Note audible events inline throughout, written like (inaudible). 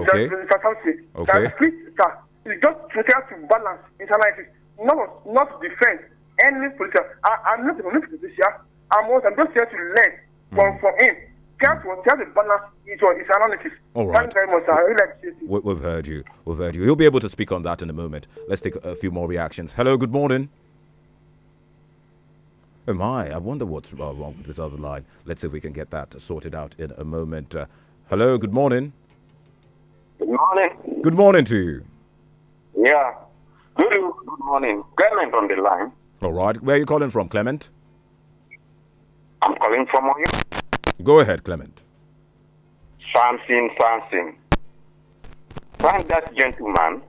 Okay. Okay. just try to balance internal not not defend any political. I, I'm not a politician. I'm, I'm just here to learn hmm. from mm. from him. Just to, to balance his All right. Thank you very much. I really appreciate it. We, have heard you. We've heard you. You'll be able to speak on that in a moment. Let's take a few more reactions. Hello. Good morning. Oh my! I wonder what's wrong with this other line. Let's see if we can get that sorted out in a moment. Uh, hello. Good morning. Good morning. Good morning to you. Yeah. Good, good morning. Clement on the line. All right. Where are you calling from, Clement? I'm calling from Oyo. Go ahead, Clement. Samson, Samson. Thank that gentleman.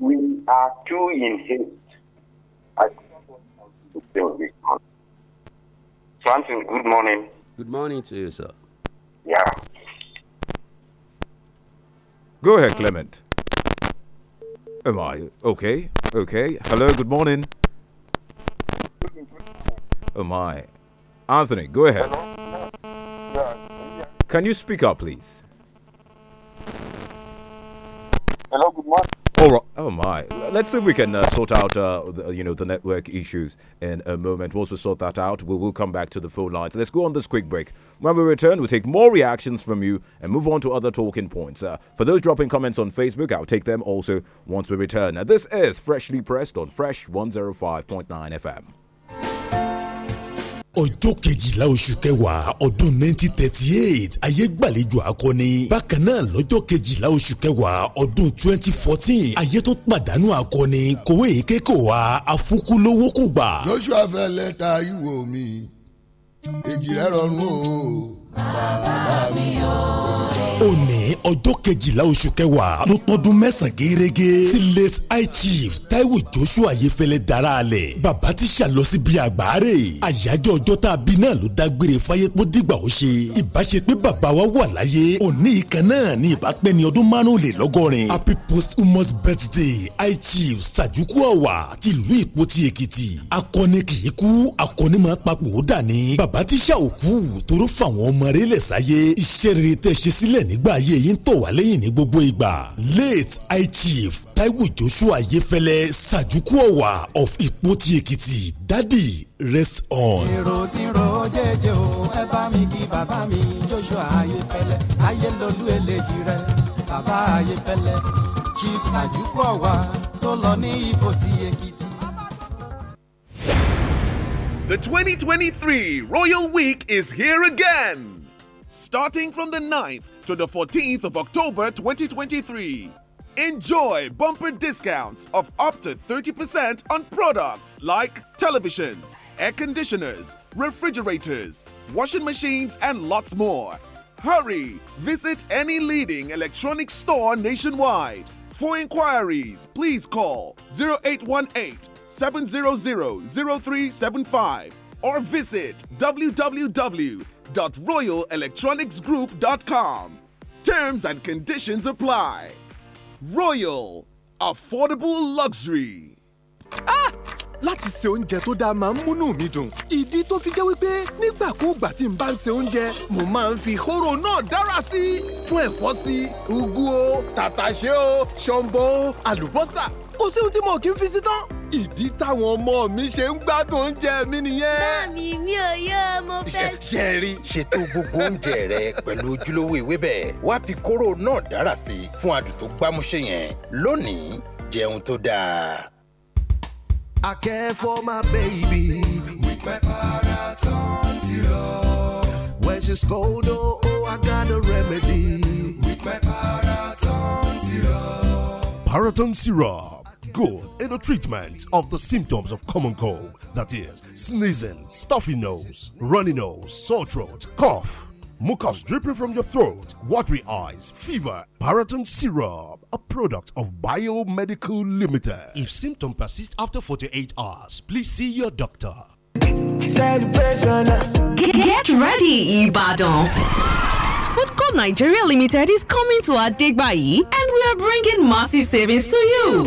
We are too in haste. I Samson, good morning. Good morning to you, sir. Yeah. Go ahead, Clement. Am I? Okay, okay. Hello, good morning. Am I? Anthony, go ahead. Can you speak up, please? All right. Oh my. Let's see if we can uh, sort out, uh, the, you know, the network issues in a moment. Once we sort that out, we will come back to the phone lines. Let's go on this quick break. When we return, we'll take more reactions from you and move on to other talking points. Uh, for those dropping comments on Facebook, I'll take them also once we return. Now, this is freshly pressed on Fresh 105.9 FM. ọjọ́ kejìlá oṣù kẹwàá ọdún nineteen thirty eight ayé gbàlejò akọni bákan náà lọ́jọ́ kejìlá oṣù kẹwàá ọdún twenty fourteen ayé tó pàdánù akọni kòwé kékò wa afúkúlówó kò gbà. joshua fẹ́ lẹ́ta ìwò mi èjì rẹ̀ rọrùn o bàbá mi o. òní ọjọ́ kejìlá oṣù kẹwàá ló tọdún mẹ́sàn-án gẹ́gẹ́ tí late high chief taiwo joshua ayéfẹ́lẹ́ dara alẹ̀ bàbá ti ṣàlọ sí bíi àgbáre àyájọ́ ọjọ́ tá a bí náà ló dágbére fáyé pọ́ dìgbà ó ṣe ìbáṣe pé bàbá wa wà láyé òní kan náà ni ìbápẹ́ ọdún márùnlélọ́gọ́rin happy posthumous birthday high chief sàjúkú ọ̀wà tìlú ìpótì èkìtì akọni kì í kú akọni máa papò ó dà ní bàbá ti ṣàòkú tó rere lè sáyé iṣẹ́ rere tẹ́ ṣe sílẹ̀ nígbà ayé yìí ń tọ̀ wá lẹ́yìn ní gbogbo ìgbà late high chief taiwo joshua yefẹlẹ sajuku ọwà of ipoti ekiti dadi rest on. èrò tí ro jẹ́jẹ́ o ẹ bá mi kí bàbá mi joshua ayefẹlẹ ayélolú eléjì rẹ bàbá ayefẹlẹ chief sajuku ọwà tó lọ ní ipoti ekiti The 2023 Royal Week is here again, starting from the 9th to the 14th of October 2023. Enjoy bumper discounts of up to 30% on products like televisions, air conditioners, refrigerators, washing machines, and lots more. Hurry! Visit any leading electronics store nationwide. For inquiries, please call 0818 700-0375 or visit www.royalelectronicsgroup.com. Terms and conditions apply. Royal Affordable Luxury. Ah! láti ṣe oúnjẹ tó dáa máa ń múnú mi dùn. ìdí tó fi jẹ́ wípé nígbàkúùgbà tí n bá ń ṣe oúnjẹ mo máa ń fi hóró náà dára sí i. fún ẹ̀fọ́ sí ugu o tàtàṣé o ṣọ̀mbọ̀ o àlùbọ́sà kò sí ohun tí mo kì í fi sí tán. ìdí táwọn ọmọ mi ṣe ń gbádùn oúnjẹ mi nìyẹn. mami mi ò yọ mo fẹ́. ṣe rí ṣètò gbogbo oúnjẹ rẹ pẹ̀lú ojúlówó ewébẹ̀ wá fi kóró náà dára sí i fún adùn tó gbámúṣé yẹn lónìí jẹun tó dáa. I care for my baby with my Paraton syrup. When she's cold, oh, oh, I got a remedy with my Paraton syrup. Paraton syrup good in the treatment of the symptoms of common cold that is, sneezing, stuffy nose, runny nose, sore throat, cough, mucus dripping from your throat, watery eyes, fever, Paraton Syrup, a product of Biomedical Limited. If symptoms persist after 48 hours, please see your doctor. Get, ready, Ibadan. Food Court Nigeria Limited is coming to our Adegbayi and we are bringing massive savings to you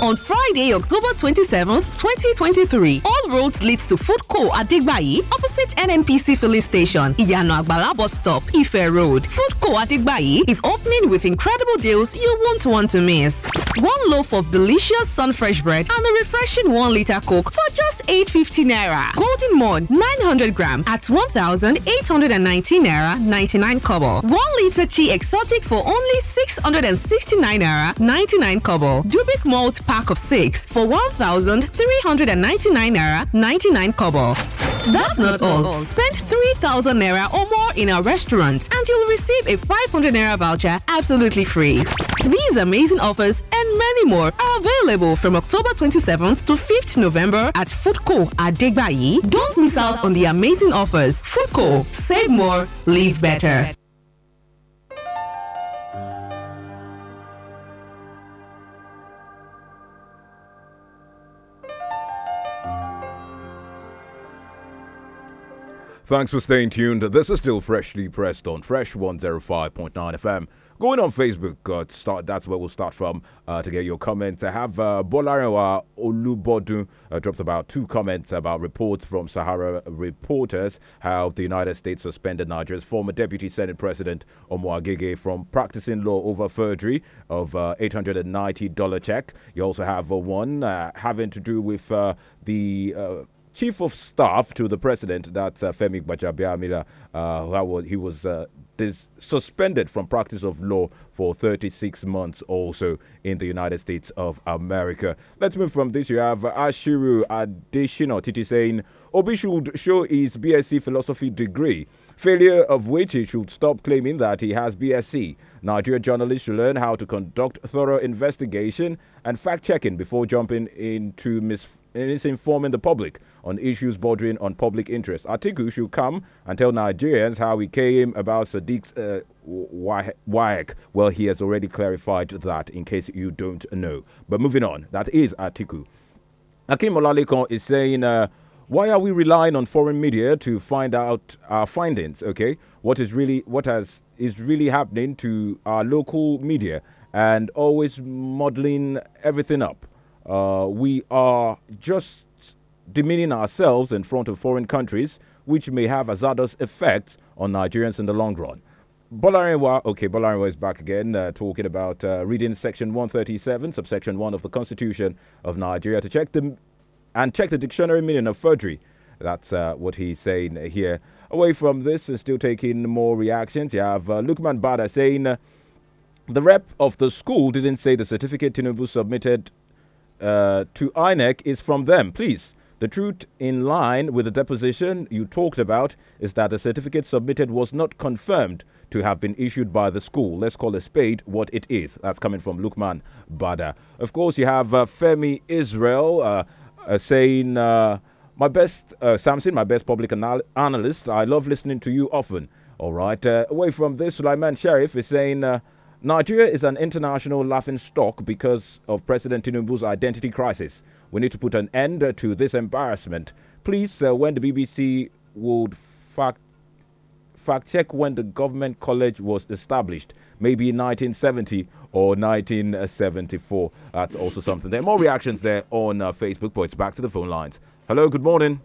on Friday, October 27th, 2023. All roads leads to Food Co. at Digbayi, opposite NNPC filling station, Iyano Agbala bus stop, Ife Road. Food Co. at Digbayi is opening with incredible deals you won't want to miss. One loaf of delicious Sunfresh bread and a refreshing 1 liter Coke for just 8.50 naira. Golden Mold 900 gram at 1,819 naira 99 kobo. 1 liter tea exotic for only 669 naira 99 kobo. Dubik malt pack of six for 1,399 naira 99 kobo. That's, That's not, not all. all. Spend 3,000 naira or more in our restaurant and you'll receive a 500 naira voucher absolutely free. These amazing offers and many more are available from October 27th to 5th November at Foodco at Degbayi. Don't miss out on the amazing offers. Foodco, save more, live better. Thanks for staying tuned. This is still freshly pressed on Fresh 105.9 FM. Going on Facebook, uh, start, that's where we'll start from uh, to get your comments. I have uh, Bolarewa Olubodu uh, dropped about two comments about reports from Sahara reporters how the United States suspended Nigeria's former Deputy Senate President Omoagege from practicing law over forgery of uh, $890 check. You also have uh, one uh, having to do with the chief of staff to the president, that's uh, Femi Gbajabiamila, uh, he was uh, suspended from practice of law for 36 months also in the United States of America. Let's move from this. You have Ashiru Additional Titi saying, Obi should show his BSc philosophy degree, failure of which he should stop claiming that he has BSc. Nigerian journalists should learn how to conduct thorough investigation and fact checking before jumping into mis it is informing the public on issues bordering on public interest. Atiku should come and tell Nigerians how he came about Sadiq's uh, Waik. Well, he has already clarified that in case you don't know. But moving on, that is Atiku. Akim Olalekan is saying, uh, why are we relying on foreign media to find out our findings? Okay, what is really what has is really happening to our local media and always modeling everything up. Uh, we are just demeaning ourselves in front of foreign countries, which may have hazardous effects on Nigerians in the long run. Bolarinwa, okay, Bolarinwa is back again, uh, talking about uh, reading section 137, subsection 1 of the Constitution of Nigeria to check the and check the dictionary meaning of forgery. That's uh, what he's saying here. Away from this, and still taking more reactions. You have uh, Lukman Bada saying uh, the rep of the school didn't say the certificate Tinubu submitted uh, to INEC is from them. Please. The truth in line with the deposition you talked about is that the certificate submitted was not confirmed to have been issued by the school. Let's call a spade what it is. That's coming from Lukman Bada. Of course, you have uh, Femi Israel uh, uh, saying, uh, My best, uh, Samson, my best public anal analyst, I love listening to you often. All right. Uh, away from this, Sulaiman Sheriff is saying, Nigeria is an international laughing stock because of President Tinubu's identity crisis. We need to put an end to this embarrassment. Please, uh, when the BBC would fact fact check when the government college was established, maybe 1970 or 1974. That's also something. There are more reactions there on uh, Facebook, but it's back to the phone lines. Hello, good morning.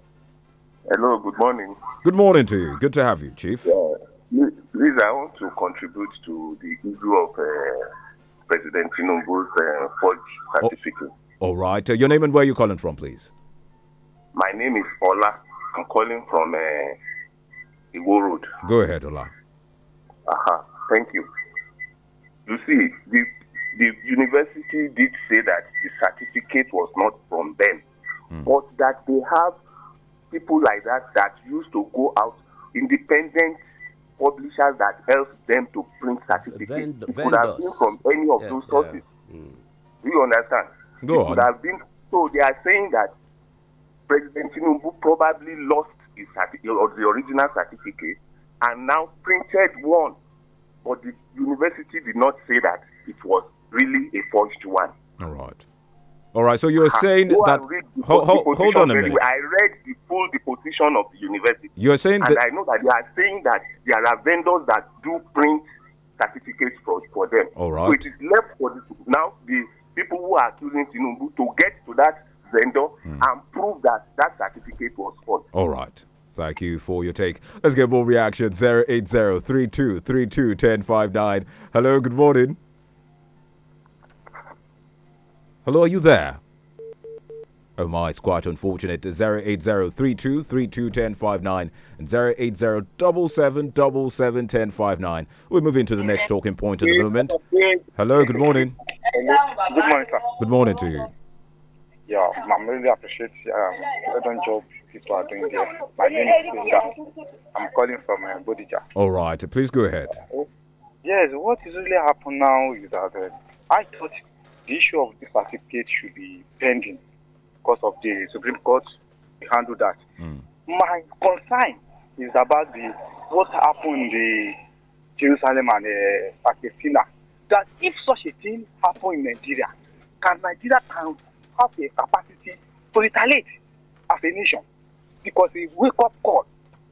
Hello, good morning. Good morning to you. Good to have you, Chief. Yeah. Please, I want to contribute to the issue of uh, President Tinubu's uh, forged oh, certificate. all right. Uh, your name and where you calling from, please? My name is Ola. I'm calling from uh, Iwo Road. Go ahead, Ola. Uh-huh. Thank you. You see, the, the university did say that the certificate was not from them, mm. but that they have people like that that used to go out independent publishers that help them to print certificates. Vend- it could have been from any of yeah, those sources. Yeah. Mm. Do you understand? Go it on. could have been. So they are saying that President Tinubu probably lost his the original certificate and now printed one, but the university did not say that it was really a forged one. All right. All right. So you're saying that. Ho, ho, hold on a minute. I read the full deposition of the university. You're saying and that. I know that they are saying that there are vendors that do print certificates for, for them. All right. So it is left for the, now the people who are accusing Tinubu to get to that vendor hmm. and prove that that certificate was false. All right. Thank you for your take. Let's get more reactions. three two ten five nine. Hello, good morning. Hello, are you there? Oh my, it's quite unfortunate. 08032 three two ten five nine and 08077771059. We're moving to the next talking point at the moment. Hello, good morning. Good morning, sir. Good morning to you. Yeah, I'm really appreciate um, the job people are doing there. My name is Linda. I'm calling from uh, Bodija. All right, please go ahead. Yes, what is really happening now is that uh, I thought the issue of the certificate should be pending because of the Supreme Court handle that. Mm. My concern is about the what happened in Jerusalem and uh, Palestine. That if such a thing happened in Nigeria, can Nigeria can have the capacity to retaliate as a nation? Because a wake up call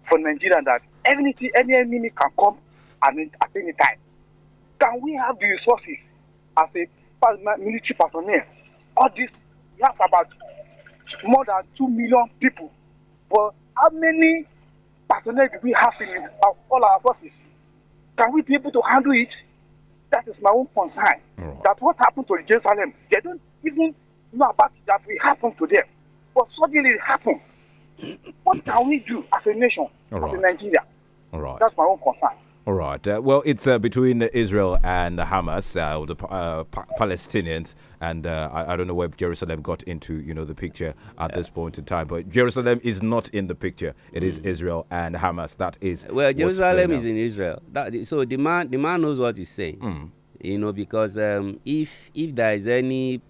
for Nigeria that any any enemy can come at any time. Can we have the resources as a military personnel. All this, we have about more than 2 million people. But how many personnel do we have in uh, all our forces? Can we be able to handle it? That is my own concern. Right. That what happened to Jerusalem, they don't even know about it, that we happened to them. But suddenly it happened. what can we do as a nation, as a Nigeria? That's my own concern. All right. Uh, well, it's uh, between Israel and Hamas, uh, the uh, pa Palestinians, and uh, I, I, don't know where Jerusalem got into, you know, the picture at this uh, point in time. But Jerusalem is not in the picture. It mm. is hmm. Israel and Hamas. That is. Well, Jerusalem is in Israel. That, so the man, the man knows what he's saying. Mm. You know, because um, if if there is any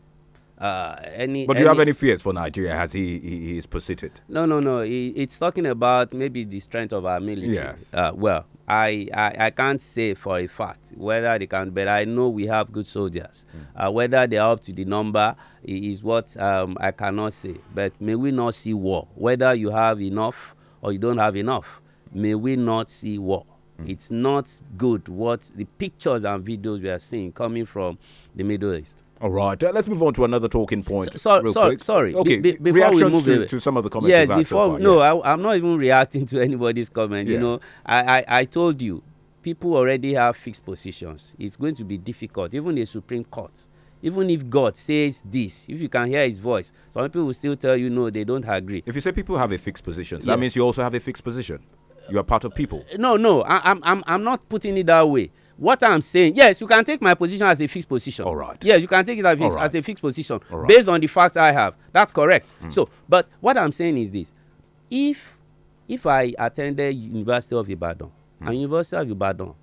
uh, any, but do you have any fears for Nigeria Has he, he, he is proceeded? No, no, no. He, it's talking about maybe the strength of our military. Yes. Uh, well, I, I, I can't say for a fact whether they can, but I know we have good soldiers. Mm. Uh, whether they are up to the number is what um, I cannot say. But may we not see war. Whether you have enough or you don't have enough, may we not see war. Hmm. It's not good what the pictures and videos we are seeing coming from the Middle East. All right, uh, let's move on to another talking point. So, so, so sorry. Okay, be, before Reactions we move to, to, some of the comments. Yes, before so far, no, I, am not even reacting to (laughs) anybody's comment. Yeah. You know, I, I, I told you, people already have fixed positions. It's going to be difficult, even the Supreme Court. Even if God says this, if you can hear His voice, some people will still tell you no, they don't agree. If you say people have a fixed position, yes. that means you also have a fixed position. You are part of people. No, no, I, I'm, I'm, I'm not putting it that way what i'm saying yes you can take my position as a fixed position all right yes you can take it as, right. as a fixed position right. based on the facts i have that's correct mm. so but what i'm saying is this if if i attended university of ibadan mm. and university of ibadan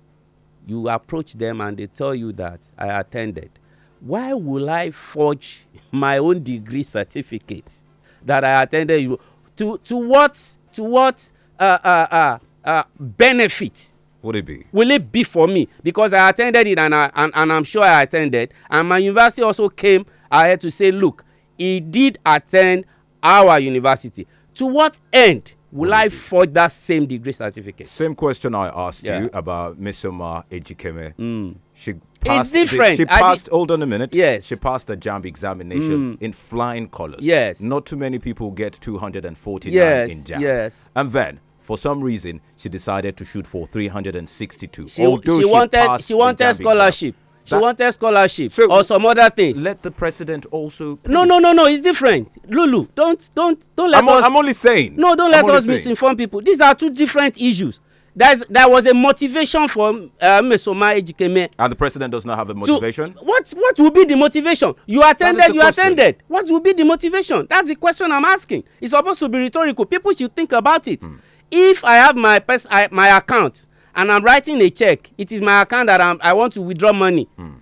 you approach them and they tell you that i attended why will i forge (laughs) my own degree certificate that i attended to to what to what uh, uh, uh, uh benefit would it be? Will it be for me? Because I attended it and, I, and, and I'm sure I attended. And my university also came I had to say, look, he did attend our university. To what end will I forge that same degree certificate? Same question I asked yeah. you about Miss Omar Ejikeme. Mm. She passed, it's different. She passed. Did, hold on a minute. Yes, she passed the JAMB examination mm. in flying colors. Yes, not too many people get 249 yes. in JAMB. Yes, and then for some reason, she decided to shoot for 362. She, although she, wanted she wanted scholarship. She wanted scholarship so or some other things. Let the president also. No, no, no, no. It's different. Lulu, don't, don't, don't let I'm us. I'm only saying. No, don't let us misinform people. These are two different issues. That that was a motivation for uh, Mesoma Ejikeme. And the president does not have a motivation. what what will be the motivation? You attended. You question. attended. What will be the motivation? That's the question I'm asking. It's supposed to be rhetorical. People should think about it. Hmm if i have my pers I, my account and i'm writing a check it is my account that I'm, i want to withdraw money mm.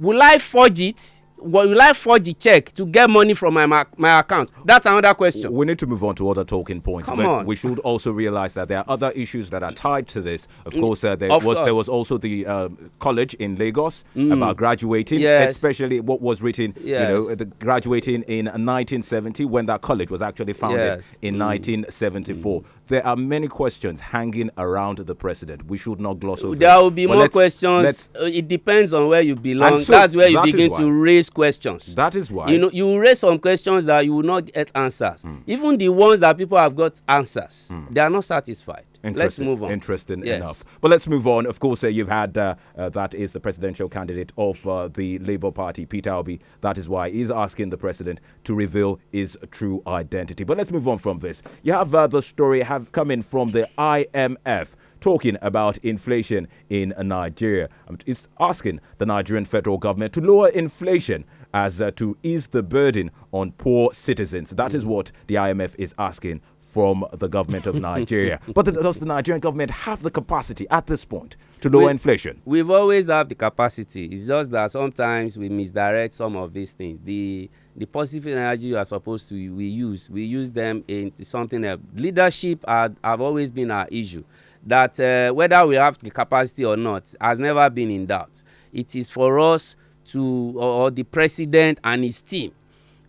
will i forge it will i forge the check to get money from my, my, account that's another question we need to move on to other talking points Come but on. we should also realize that there are other issues that are tied to this of course uh, there of was course. there was also the uh, college in lagos mm. about graduating yes. especially what was written yes. you know the graduating in 1970 when that college was actually founded yes. in mm. 1974 there are many questions hanging around the president. We should not gloss over. There will be but more let's, questions. Let's, uh, it depends on where you belong. So That's where you that begin to raise questions. That is why you know you raise some questions that you will not get answers. Mm. Even the ones that people have got answers, mm. they are not satisfied. Let's move on. Interesting yes. enough. But let's move on. Of course, uh, you've had uh, uh, that is the presidential candidate of uh, the Labour Party, Peter Albi. That is why he's asking the president to reveal his true identity. But let's move on from this. You have uh, the story have coming from the IMF talking about inflation in Nigeria. Um, it's asking the Nigerian federal government to lower inflation as uh, to ease the burden on poor citizens. That is what the IMF is asking from the government of (laughs) Nigeria. but the, does the Nigerian government have the capacity at this point to lower we, inflation? We've always have the capacity. It's just that sometimes we misdirect some of these things. The the positive energy you are supposed to we use we use them in something else. Leadership are, have always been our issue. That uh, whether we have the capacity or not has never been in doubt. It is for us to or, or the president and his team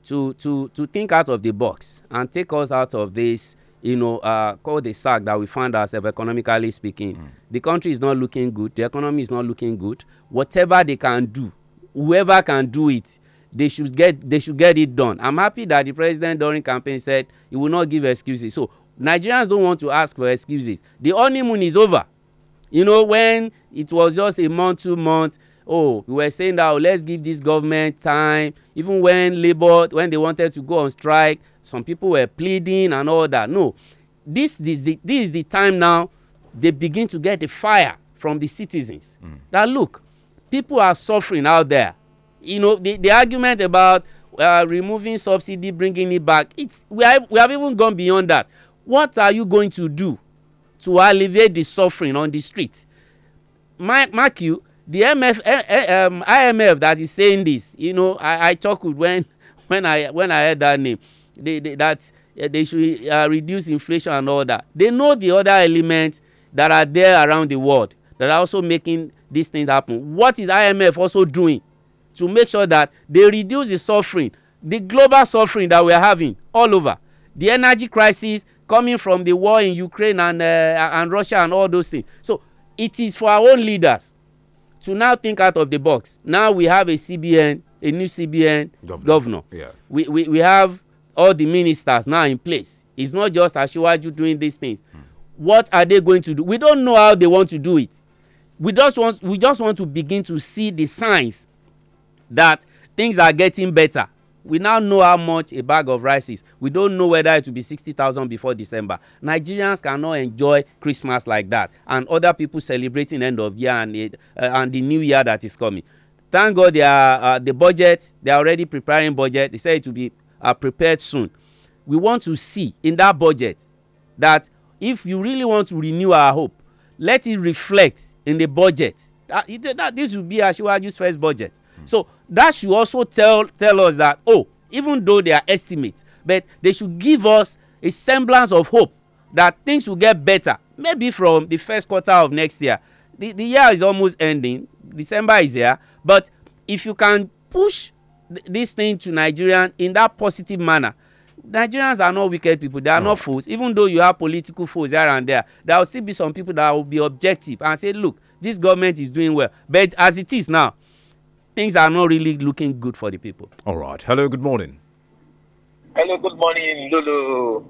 to to to think out of the box and take us out of this you know uh, call the sack that we find ourselves economically speaking mm. the country is not looking good the economy is not looking good whatever they can do whoever can do it they should get they should get it done i'm happy that the president during campaign said he will not give excuses so nigerians don't want to ask for excuses the honeymoon is over you know when it was just a month two months oh we were saying that oh, let's give this government time even when labour when they wanted to go on strike some people were pleading and all that no this this is the time now they begin to get the fire from the citizens mm. that look people are suffering out there you know the, the argument about uh, removing subsidy bringing it back it's we have, we have even gone beyond that what are you going to do to alleviate the suffering on the street mark, mark you the MF, eh, eh, um, IMF that is saying this, you know, I, I chuckled when (laughs) when I when I heard that name, they, they, that eh, they should uh, reduce inflation and all that. They know the other elements that are there around the world that are also making these things happen. What is IMF also doing to make sure that they reduce the suffering, the global suffering that we are having all over, the energy crisis coming from the war in Ukraine and uh, and Russia and all those things. So it is for our own leaders to now think out of the box now we have a cbn a new cbn governor, governor. Yes. We, we we have all the ministers now in place it's not just asiwaju doing these things mm. what are they going to do we don't know how they want to do it we just want we just want to begin to see the signs that things are getting better we now know how much a bag of rice is we don't know whether it will be sixty thousand before december nigerians cannot enjoy christmas like that and other people celebrating end of year and, uh, and the new year that is coming thank god they are uh, the budget they are already preparing budget they say it will be uh, prepared soon we want to see in that budget that if you really want to renew our hope let it reflect in the budget that, that this will be asiwaju's first budget So that should also tell tell us that oh, even though they are estimates, but they should give us a semblance of hope that things will get better. Maybe from the first quarter of next year. The the year is almost ending. December is here, but if you can push th this thing to Nigerians in that positive manner, Nigerians are not wicked people. They are no. not fools. Even though you have political fools here and there, there will still be some people that will be objective and say, look, this government is doing well. But as it is now, things are not really looking good for the people. All right. Hello, good morning. Hello, good morning, Lulu.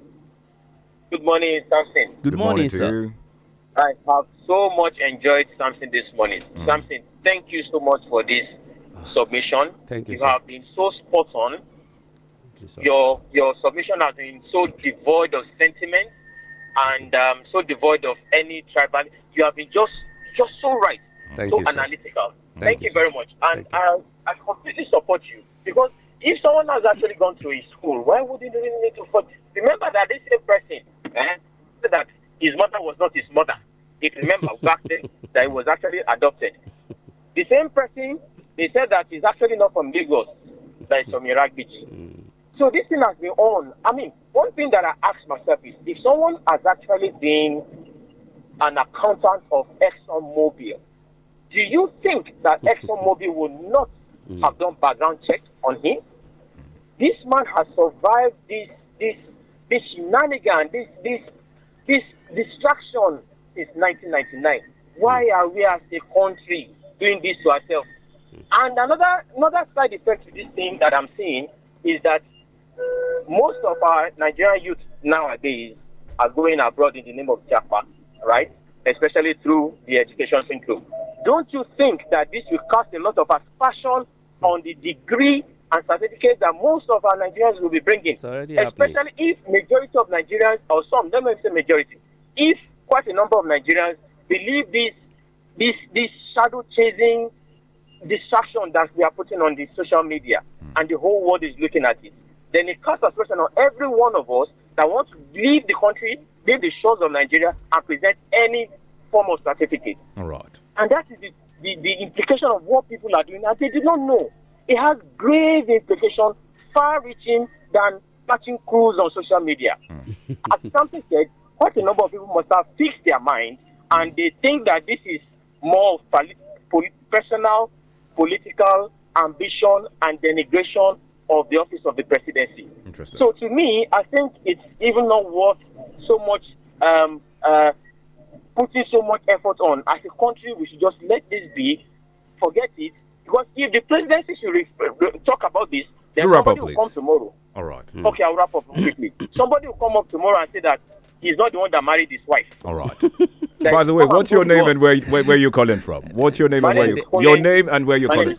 Good morning, Samson. Good, good morning, morning sir. I have so much enjoyed Samson this morning. Mm. Samson, thank you so much for this ah, submission. Thank you. You sir. have been so spot on. You, your your submission has been so devoid of sentiment and um, so devoid of any tribal. You have been just just so right. Thank so you, analytical. Thank, Thank, you, very much. And I, I completely support you because if someone has actually gone to a school, why wouldn't they need to fight? Remember that this same person eh, that his mother was not his mother. If you remember back then (laughs) that he was actually adopted. The same person, they said that he's actually not from Lagos, that he's from Iraq hmm. So this thing has been on. I mean, one thing that I ask myself is if someone has actually been an accountant of ExxonMobil, do you think that (laughs) ExxonMobil would not mm. have done background check on him? This man has survived this this this shenanigan, this this this distraction since 1999. Why hmm. are we as a country doing this to ourselves? Hmm. And another another side effect to this thing that I'm seeing is that most of our Nigerian youth nowadays are going abroad in the name of Japa, right? Especially through the education syndrome don't you think that this will cast a lot of aspersion on the degree and certificates that most of our Nigerians will be bringing? Especially happening. if majority of Nigerians, or some, don't say majority, if quite a number of Nigerians believe this, this, this shadow chasing distraction that we are putting on the social media hmm. and the whole world is looking at it, then it casts aspersion on every one of us that wants to leave the country, leave the shores of Nigeria, and present any form of certificate. All right. And that is the, the, the implication of what people are doing, and they did not know. It has grave implications, far reaching than patching crews on social media. Hmm. As something said, quite a number of people must have fixed their mind, and they think that this is more personal, political ambition, and denigration of the office of the presidency. So to me, I think it's even not worth so much um, uh, putting so much effort on. As a country, we should just let this be, forget it, because if the presidency should re- talk about this, then somebody up, will come tomorrow. All right. Mm. Okay, I'll wrap up hmm. quickly. somebody will come up tomorrow and say that he's not the one that married his wife. All right. like, (laughs) By the way, what's your name and where, where, where you calling from? What's your name My and where you your name and where you calling?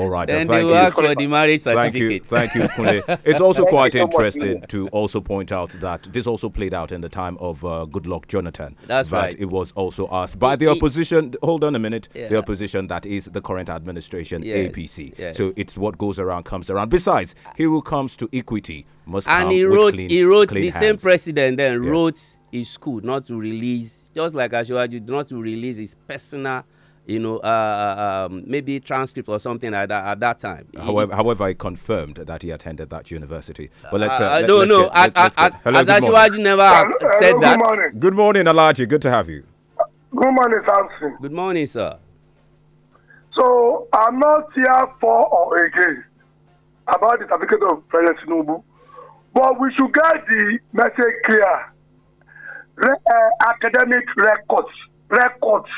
All right. Then thank they ask for the marriage certificate. Thank you, (laughs) thank you, Kunle. It's also quite interesting to also point out that this also played out in the time of uh, Good Luck Jonathan. That's that right. It was also asked by the opposition. Hold on a minute. Yeah. The opposition that is the current administration, yes. APC. Yes. So it's what goes around comes around. Besides, he who comes to equity must and he wrote clean, he wrote the hands. same president then yes. wrote his school not to release just like Ashwaju not to release his personal you know, uh, uh, um, maybe transcript or something like that at that time. However, he, however, I confirmed that he attended that university. But let's. Uh, uh, let, no, let's no. Get, as, let's, as, let's as, Hello, as never hello, said hello, that. Good morning. Good morning, Alaji. Good to have you. Good morning, Samson. Good morning, sir. So I'm not here for or against about the certificate of President Tinubu, but we should get the message clear. Re uh, academic records, records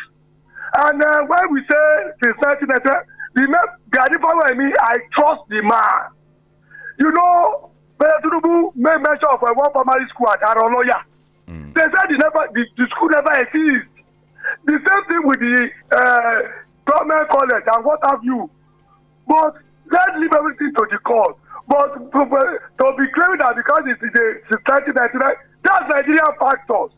and uh, when we say since 1997, the name Gani Fawemi, I trust the man. You know, Bẹ́ẹ̀ Tinubu made mention of a uh, one primary school at Aronoya, Mm. They said the, never, the, the school never exists. The same thing with the uh, government college and what have you. But let's leave everything to the court. But to, to be claiming that because it's the 1999, that's Nigerian factors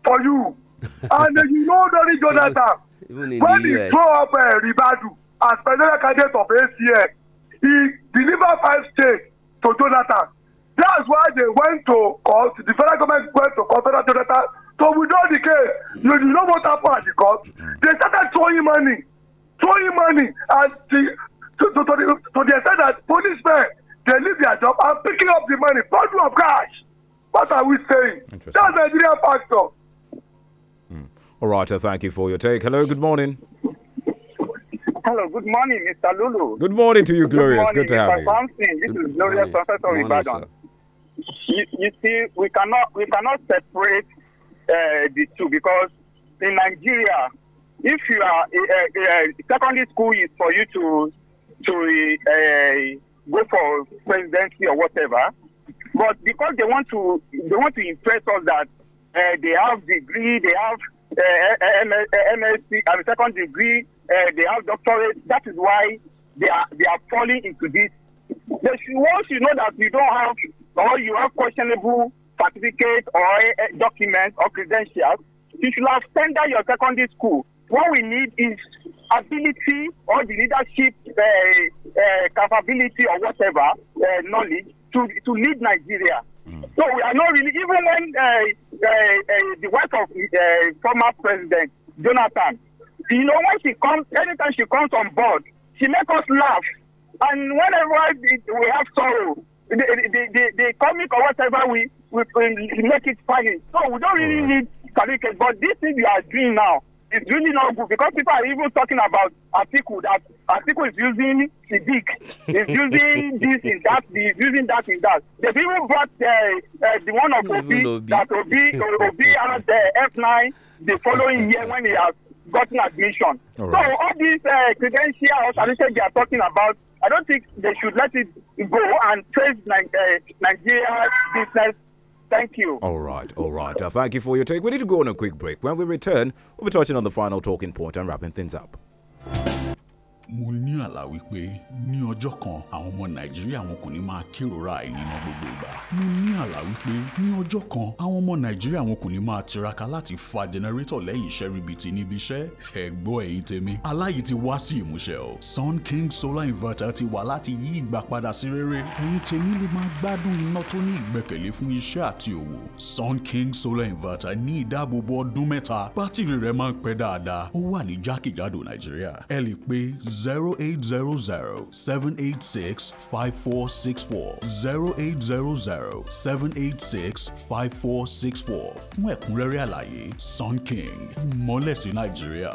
for you. (laughs) and uh, you know, Donny Jonathan even in when the US. When he throw up uh, Ribadu as presidential candidate of ACN, he delivered five states to Jonathan. That's why they went to court. The federal government went to court to Jonathan to so withdraw the case. You, you know what happened at the court? Mm-hmm. They started throwing money, throwing money, and the, to, to, to, the, to the extent that policemen they leave their job and picking up the money, bundle of cash. What are we saying? That's Nigerian factor. All right, thank you for your take. Hello, good morning. Hello, good morning, Mr. Lulu. Good morning to you, Glorious. Good, good to have you. This good is Glorious Professor morning, You, you, see, we cannot we cannot separate uh, the two because in Nigeria, if you are uh, uh, secondary school is for you to to uh, go for presidency or whatever, but because they want to they want to impress us that uh, they have degree, they have uh, MSc, I mean, second degree, uh, they have doctorate. That is why they are they are falling into this. once you know that you don't have or you have questionable certificate or uh, documents or credentials, you should have standard your secondary school. What we need is ability or the leadership uh, uh capability or whatever uh, knowledge to to lead Nigeria. So we are not really, even when uh, uh, uh, the wife of former President Jonathan, you know, when she comes, anytime she comes on board, she makes us laugh. And whenever we have sorrow, the, the, the, the comic or whatever, we, we, we make it funny. So we don't really mm. need caricature. But this thing you are doing now, it's really not good because people are even talking about article that article is using civic is using (laughs) this in that is using that in that they've even brought uh, uh, the one of obi, obi that obi (laughs) obi had the uh, f9 the following year when he has gotten admission all right. so all these uh, credentials and they are talking about i don't think they should let it go and trace uh, nigeria business Thank you. All right, all right. Uh, thank you for your take. We need to go on a quick break. When we return, we'll be touching on the final talking point and wrapping things up. mo ní àlá wípé ní ọjọ́ kan àwọn ọmọ nàìjíríà wọn kò ní máa kérora àìníná gbogbo ìgbà. mo ní àlá wípé ní ọjọ́ kan àwọn ọmọ nàìjíríà wọn kò ní máa tiraka láti fa jẹnẹrétọ̀ lẹ́yìn iṣẹ́ ribiti níbi iṣẹ́ ẹ̀gbọ́ ẹ̀yìn tèmi. aláyìí ti wá sí ìmúṣẹ o Sun King solar inverter ti wà láti yí ìgbà padà sí rere ẹ̀yin tèmi lè máa gbádùn iná tó ní ìgbẹ́kẹ̀lé fún iṣẹ́ àti òwò Sun King solar inverter ní ìdáàbòbò ọdún mẹ́ta bátìrì rẹ̀ máa ń pẹ́ dáadáa ó wà ní jákèjádò nàìjíríà ẹ lè pe 0800 786 5464 0800 786 5464 fún ẹ̀kúnrẹ́rẹ́ àlàyé Sun King ìmọ̀lẹ́sìn Nàìjíríà.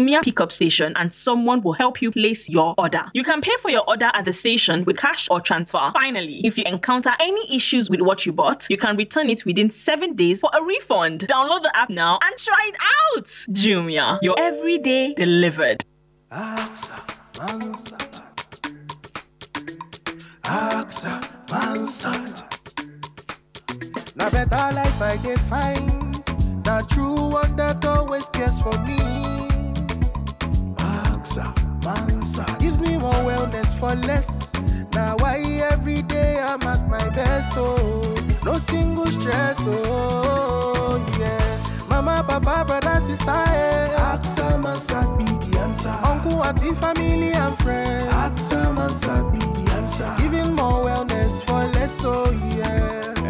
Jumia pickup station and someone will help you place your order. You can pay for your order at the station with cash or transfer. Finally, if you encounter any issues with what you bought, you can return it within 7 days for a refund. Download the app now and try it out. Jumia, your everyday delivered. Now better life I get true one that always cares for me. Answer. Gives me more wellness for less. Now why every day I'm at my best, oh. No single stress, oh, yeah. Mama, papa, brother, sister, eh. Axa, Mansat be the answer. Uncle, auntie, family, and friends. Axa, Mansat be the answer. Giving more wellness for less, oh, yeah.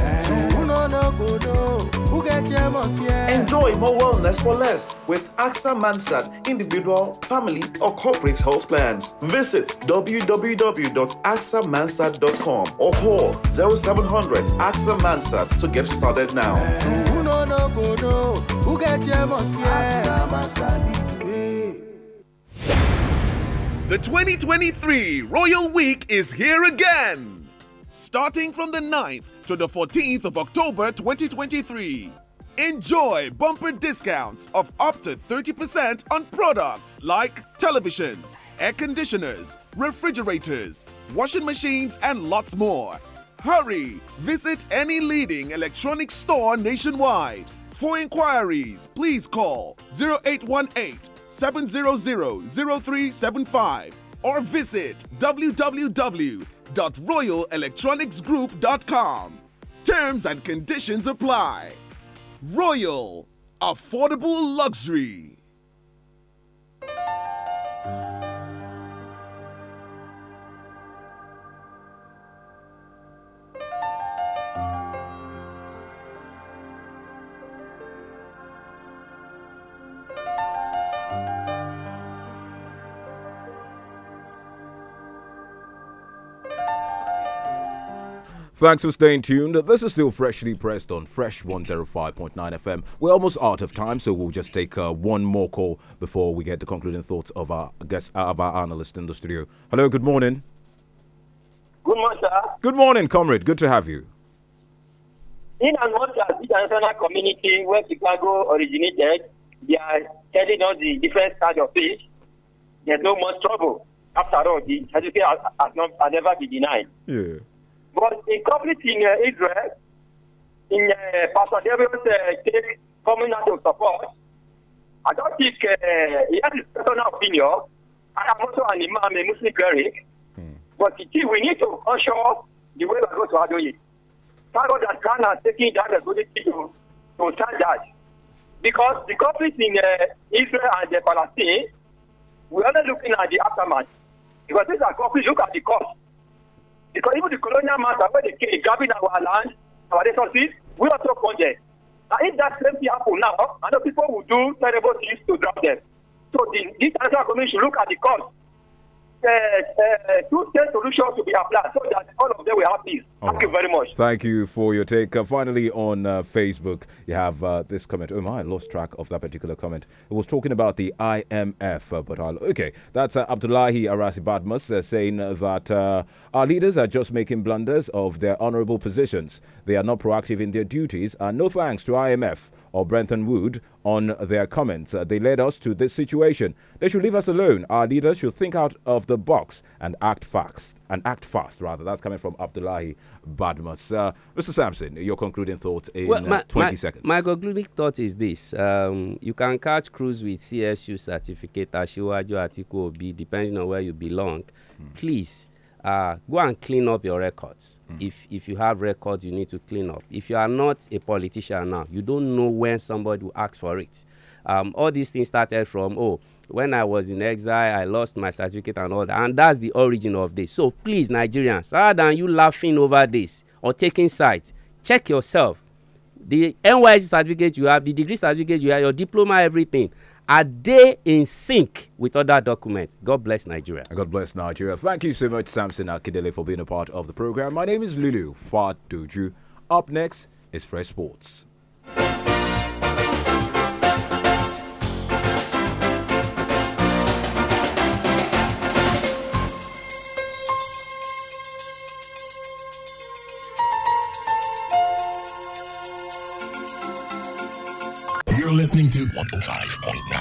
Enjoy more wellness for less with AXA Mansard individual, family, or corporate health plans. Visit www.axamansard.com or call 0700 AXA Mansard to get started now. The 2023 Royal Week is here again. Starting from the 9th to the 14th of October 2023. Enjoy bumper discounts of up to 30% on products like televisions, air conditioners, refrigerators, washing machines, and lots more. Hurry! Visit any leading electronics store nationwide. For inquiries, please call 0818 700 0375 or visit www.royalelectronicsgroup.com. Terms and conditions apply. Royal Affordable Luxury. Thanks for staying tuned. This is still freshly pressed on Fresh 105.9 FM. We're almost out of time, so we'll just take uh, one more call before we get the concluding thoughts of our guest, uh, of our analyst in the studio. Hello, good morning. Good morning, sir. Good morning, comrade. Good to have you. In and international community where Chicago originated, they are telling us the different side of it. There's no more trouble. After all, the has, has, not, has never been denied. Yeah. But in conflict in uh, Israel, in uh, Pastor David's uh, case coming out of support, I don't think uh, he has his personal opinion. I am also an imam, a Muslim cleric. Mm. But still, we need to unsure the way we are going to handle it. Thank that Ghana is taking that to, to stand that. Because the conflict in uh, Israel and uh, Palestine, we are not looking at the aftermath. Because these are conflicts, look at the cost. Because even the colonial master, when they came grabbing our land, our resources, we also condemn. And if that same thing happen now, I know people will do terrible things to drop them. So the, this international community should look at the cause. Uh, uh, two state solution to be applied so that all of them will have peace. All Thank right. you very much. Thank you for your take. Uh, finally, on uh, Facebook, you have uh, this comment. Oh my, I lost track of that particular comment. It was talking about the IMF, uh, but I'll, okay, that's Abdullahi Arasi Badmus saying that our leaders are just making blunders of their honorable positions. They are not proactive in their duties, and no thanks to IMF or Brenton Wood on their comments. Uh, they led us to this situation. They should leave us alone. Our leaders should think out of the box and act fast. And act fast, rather. That's coming from Abdullahi Badmus. Uh, Mr. Sampson, your concluding thought in well, my, uh, 20 my, seconds. My concluding thought is this. Um, you can catch crews with CSU certificate, Ashiwaju Atiku Obi, depending on where you belong. Hmm. Please, uh, go and clean up your records. Mm. If if you have records, you need to clean up. If you are not a politician now, you don't know when somebody will ask for it. Um, all these things started from oh, when I was in exile, I lost my certificate and all that, and that's the origin of this. So please, Nigerians, rather than you laughing over this or taking sides, check yourself. The NYC certificate you have, the degree certificate you have, your diploma, everything. Are they in sync with other documents? God bless Nigeria. God bless Nigeria. Thank you so much, Samson Akindele, for being a part of the program. My name is Lulu Fatuju. Up next is Fresh Sports. listening to 105.9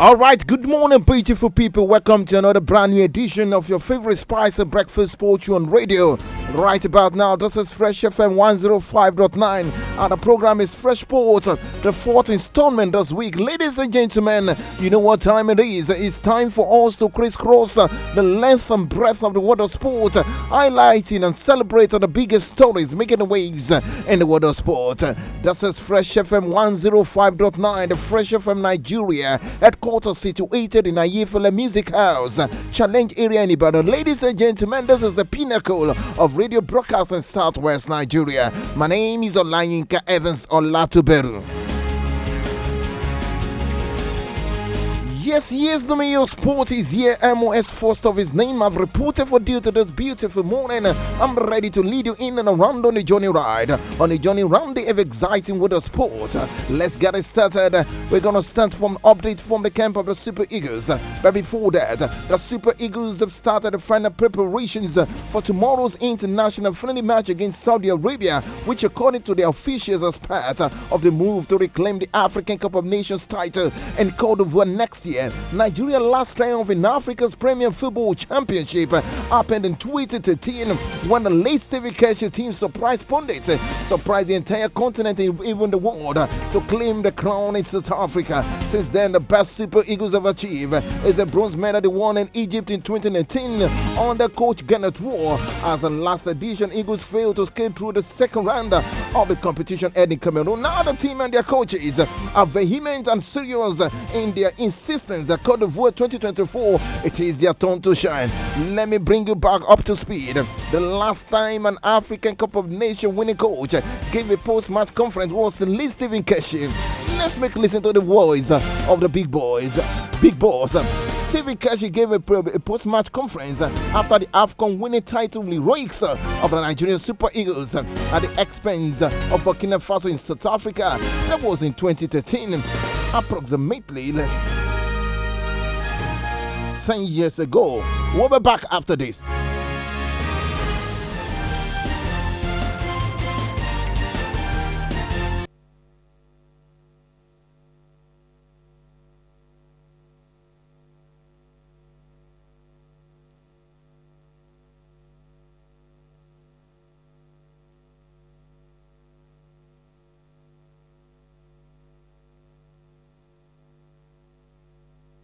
All right, good morning, beautiful people. Welcome to another brand new edition of your favorite Spice and Breakfast Sports on Radio. Right about now, this is Fresh FM 105.9, and the program is Fresh Port, the fourth installment this week. Ladies and gentlemen, you know what time it is. It's time for us to crisscross the length and breadth of the world of sport, highlighting and celebrating the biggest stories making waves in the world of sport. This is Fresh FM 105.9, the Fresh FM Nigeria, headquarters situated in Ayefele Music House, Challenge Area in Ibadan. Ladies and gentlemen, this is the pinnacle of radio broadcast in Southwest Nigeria. My name is Olayinka Evans Olatuberu. Yes, yes, the Mayo Sport is here. MOS first of his name. I've reported for duty this beautiful morning. I'm ready to lead you in and around on the journey ride, on the journey round the ever exciting with the sport. Let's get it started. We're gonna start from update from the camp of the Super Eagles. But before that, the Super Eagles have started the final preparations for tomorrow's international friendly match against Saudi Arabia, which, according to the officials, is part of the move to reclaim the African Cup of Nations title and of war next year. Nigerian. Nigeria's last triumph in Africa's Premier Football Championship happened in 2013 when the late Stevie Keshe team surprised pundits, surprised the entire continent and even the world to claim the crown in South Africa. Since then, the best Super Eagles have achieved is a bronze medal they won in Egypt in 2019 under coach Gennett War. As the last edition, Eagles failed to skate through the second round of the competition held Cameroon. Now the team and their coaches are vehement and serious in their insistence instance, the Cote d'Ivoire 2024, it is their turn to shine. Let me bring you back up to speed. The last time an African Cup of Nations winning coach gave a post match conference was Lee Steven Keshi. Let's make listen to the voice of the big boys, big boss. Steven Keshi gave a, post-match conference after the AFCON winning title heroics of the Nigerian Super Eagles at the expense of Burkina Faso in South Africa. That was in 2013, approximately 10 years ago. We'll be back after this.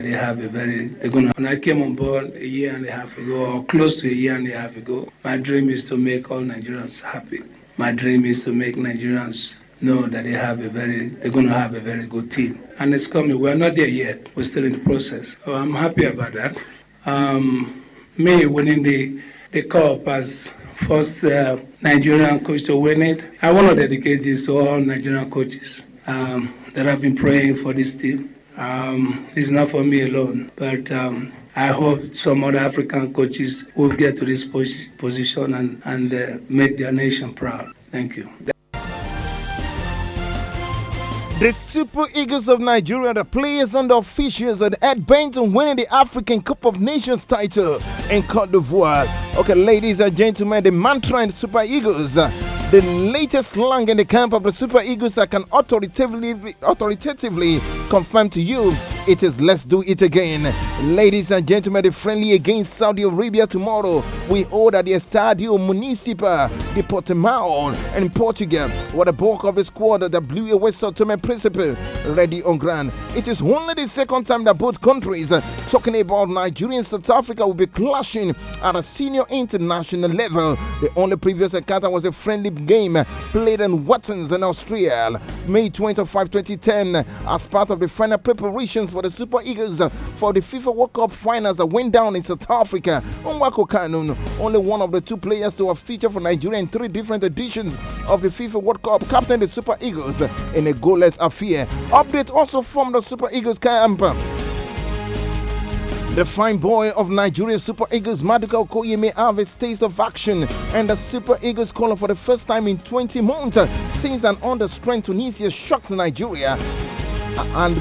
They have a very, they're gonna, when I came on board a year and a half ago, or close to a year and a half ago, my dream is to make all Nigerians happy. My dream is to make Nigerians know that they have a very, they're going to have a very good team. And it's coming. We're not there yet. We're still in the process. So I'm happy about that. Um, me winning the, the cup as first uh, Nigerian coach to win it. I want to dedicate this to all Nigerian coaches um, that have been praying for this team um, it's not for me alone, but um, I hope some other African coaches will get to this pos- position and, and uh, make their nation proud. Thank you. The Super Eagles of Nigeria, the players and the officials, and Ed Benton winning the African Cup of Nations title in Cote d'Ivoire. Okay, ladies and gentlemen, the mantra in the Super Eagles the latest slang in the camp of the Super Eagles that can authoritatively, authoritatively confirm to you it is Let's Do It Again. Ladies and gentlemen, the friendly against Saudi Arabia tomorrow. We hold at the Estadio Municipal de Portimao in Portugal, where the bulk of the squad that blew away Sao Tome principal ready on ground. It is only the second time that both countries, uh, talking about Nigeria and South Africa, will be clashing at a senior international level. The only previous encounter was a friendly game played in Wattens in Australia, May 25, 2010, as part of the final preparations for the Super Eagles uh, for the FIFA World Cup finals that went down in South Africa. Onwako Kanun, only one of the two players to have featured for Nigeria in three different editions of the FIFA World Cup, captain the Super Eagles uh, in a goalless affair. Update also from the Super Eagles camp. The fine boy of Nigeria Super Eagles, Maduka Okoye, have his taste of action. And the Super Eagles call for the first time in 20 months uh, since an under strength Tunisia shocked Nigeria and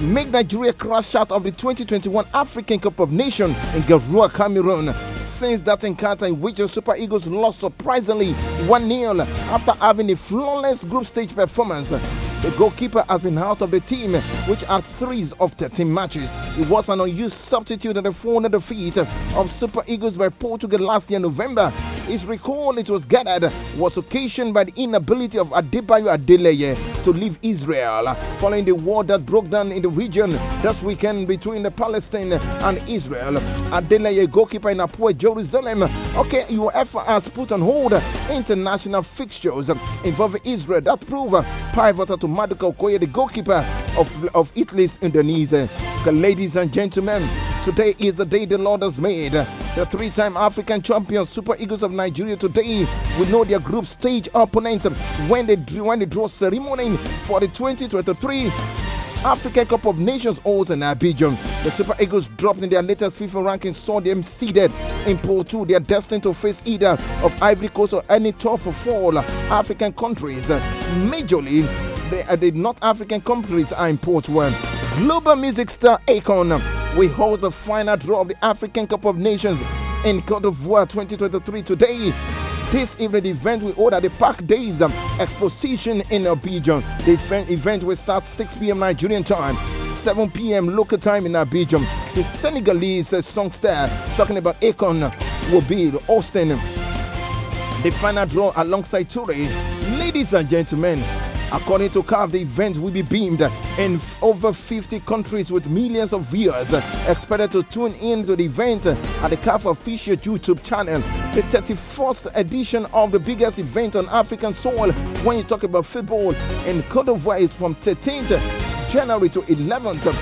make Nigeria crash out of the 2021 African Cup of Nations in Garoua, Cameroon since that encounter in which the Super Eagles lost surprisingly 1 0 after having a flawless group stage performance. The goalkeeper has been out of the team, which had threes of 13 matches. It was an unused substitute in the 4 defeat of Super Eagles by Portugal last year, November, is recall, it was gathered, was occasioned by the inability of Adebayo Adeleye to leave Israel following the war that broke down in the region this weekend between the Palestine and Israel. Adeleye, goalkeeper in Apoel, Jerusalem. Okay, UEFA has put on hold international fixtures involving Israel that prove pivotal to Maduka Okoye, the goalkeeper of, of Italy's Indonesia. Okay, ladies and gentlemen, Today is the day the Lord has made. The three time African champions, Super Eagles of Nigeria, today will know their group stage opponents when they, when they draw ceremony for the 2023 Africa Cup of Nations holds in Abidjan. The Super Eagles dropped in their latest FIFA ranking saw them seeded in Pool 2. They are destined to face either of Ivory Coast or any top four African countries. Majorly, the, the North African countries are in Port 1. Global music star Akon will hold the final draw of the African Cup of Nations in Cote d'Ivoire 2023 today. This evening, the event will hold at the Park Days Exposition in Abidjan. The event will start 6 p.m. Nigerian time, 7 p.m. local time in Abidjan. The Senegalese songster talking about Akon will be hosting the final draw alongside Toure. Ladies and gentlemen, According to CAF, the event will be beamed in over 50 countries with millions of viewers expected to tune in to the event at the CAF official YouTube channel. The 31st edition of the biggest event on African soil when you talk about football in Cote d'Ivoire is from 13th January to 11th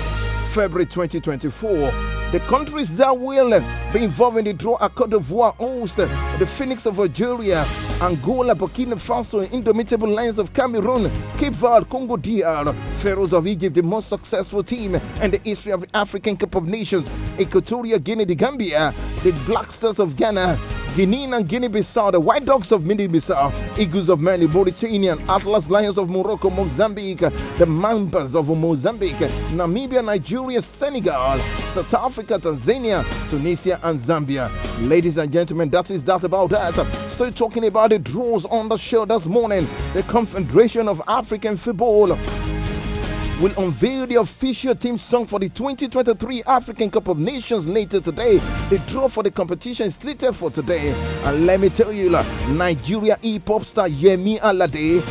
February 2024. The countries that will be involved in the draw are Cote d'Ivoire, host the Phoenix of Algeria, Angola, Burkina Faso, Indomitable Lions of Cameroon, Cape Verde, Congo DR, Pharaohs of Egypt, the most successful team in the history of the African Cup of Nations, Equatorial Guinea, the Gambia, the Black Stars of Ghana, Guinea and Guinea-Bissau, the White Dogs of Mini bissau Eagles of Mali, Mauritania, Atlas Lions of Morocco, Mozambique, the Mambas of Mozambique, Namibia, Nigeria, Senegal, South Africa, Africa, Tanzania, Tunisia, and Zambia. Ladies and gentlemen, that is that about that. Still talking about the draws on the show this morning. The Confederation of African Football will unveil the official team song for the 2023 African Cup of Nations later today. The draw for the competition is slated for today. And let me tell you, Nigeria e hop star Yemi Alade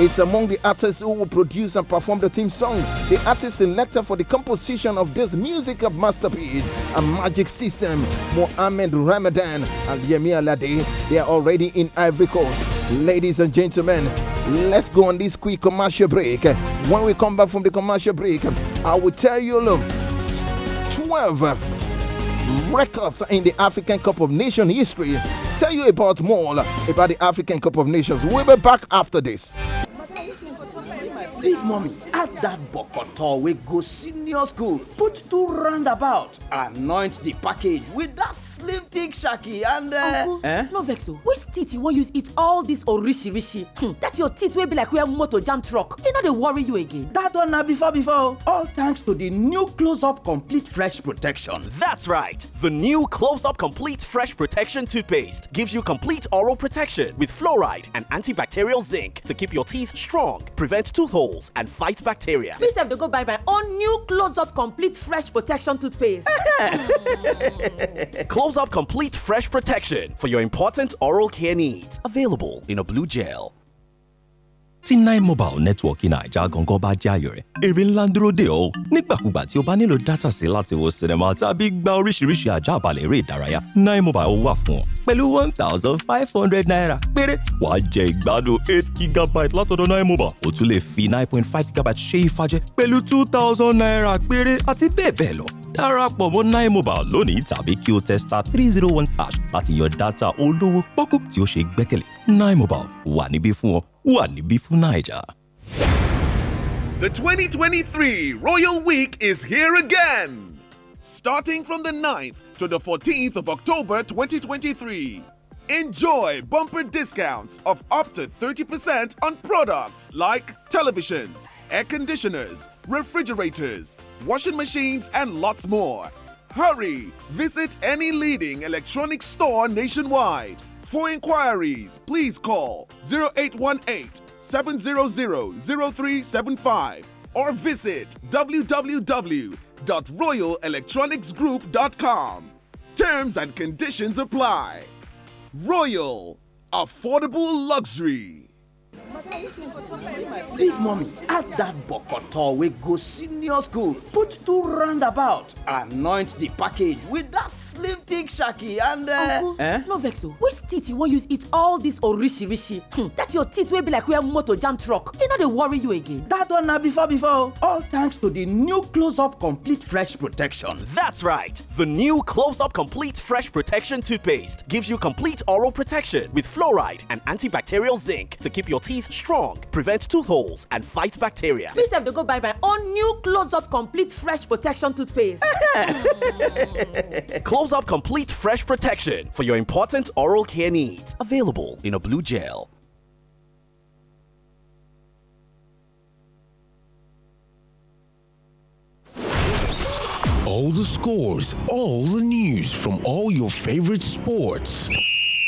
is among the artists who will produce and perform the theme song. The artist selected for the composition of this musical masterpiece, A Magic System, Mohammed Ramadan and Yemi Alade. They are already in Ivory Coast. Ladies and gentlemen, let's go on this quick commercial break. When we come back from the commercial break, I will tell you, look, 12 records in the African Cup of Nations history. Tell you about more about the African Cup of Nations. We'll be back after this. big mommy add dat bokoto wey go senior school put two roundabout anoint the package with that. slim thick shaki and uh, uncle eh? no vex o which teeth you wan use eat all this orishi hmm. that your teeth wey be like where motor jam truck e no dey worry you again. that one na before before all thanks to the new close up complete fresh protection. that's right the new close up complete fresh protection toothpaste gives you complete oral protection with fluoride and antibacterial zinc to keep your teeth strong prevent tooth holes and fight bacteria. me sef dey go buy my own new close up complete fresh protection toothpaste. (laughs) (laughs) close up Complete Fresh Protection for your important oral care needs. Available in a blue gel. Tinai mobile network naija gangan bá jáyọ rẹ èrè ńlá ń dúró dè ọ́ nígbàkúgbà tí o bá nílò dátà sí láti wo sinimá tàbí gba oríṣiríṣi àjàbalẹ̀ eré ìdárayá nine mobile wà fún ọ pẹ̀lú one thousand five hundred naira péré wàá jẹ ìgbádùn eight gigabyte látọ̀dọ̀ nine mobile o tún lè fi nine point five gigabyte ṣe ìfàjẹ pẹ̀lú two thousand naira péré àti bẹ́ẹ̀ bẹ́ẹ̀ lọ darapọ̀ mọ́ nine mobile lónìí tàbí kí o tẹ star three zero one hash láti yọ dátà olówó pọ́kú tí o ṣe gbẹ́kẹ̀lé nine mobile wà níbí fún ọ The 2023 Royal Week is here again! Starting from the 9th to the 14th of October 2023. Enjoy bumper discounts of up to 30% on products like televisions, air conditioners, refrigerators, washing machines, and lots more. Hurry! Visit any leading electronics store nationwide for inquiries, please call 0818 700 0375 or visit www.royalelectronicsgroup.com. Terms and conditions apply. Royal Affordable Luxury big mommy add that bokoto wey go senior school put two roundabout anoint the package with that slim thick shaki and uh, uncle eh? no vex o which teeth you wan use eat all this orishirishi hmm That your teeth wey be like where motor jam truck e no dey worry you again dat one na before before all thanks to di new close up complete fresh protection that's right the new close up complete fresh protection toothpaste gives you complete oral protection with fluoride and antibacterial zinc to keep your teeth teeth strong, prevent tooth holes, and fight bacteria. Please have to go buy my own new Close Up Complete Fresh Protection toothpaste. (laughs) Close Up Complete Fresh Protection for your important oral care needs. Available in a blue gel. All the scores, all the news from all your favorite sports.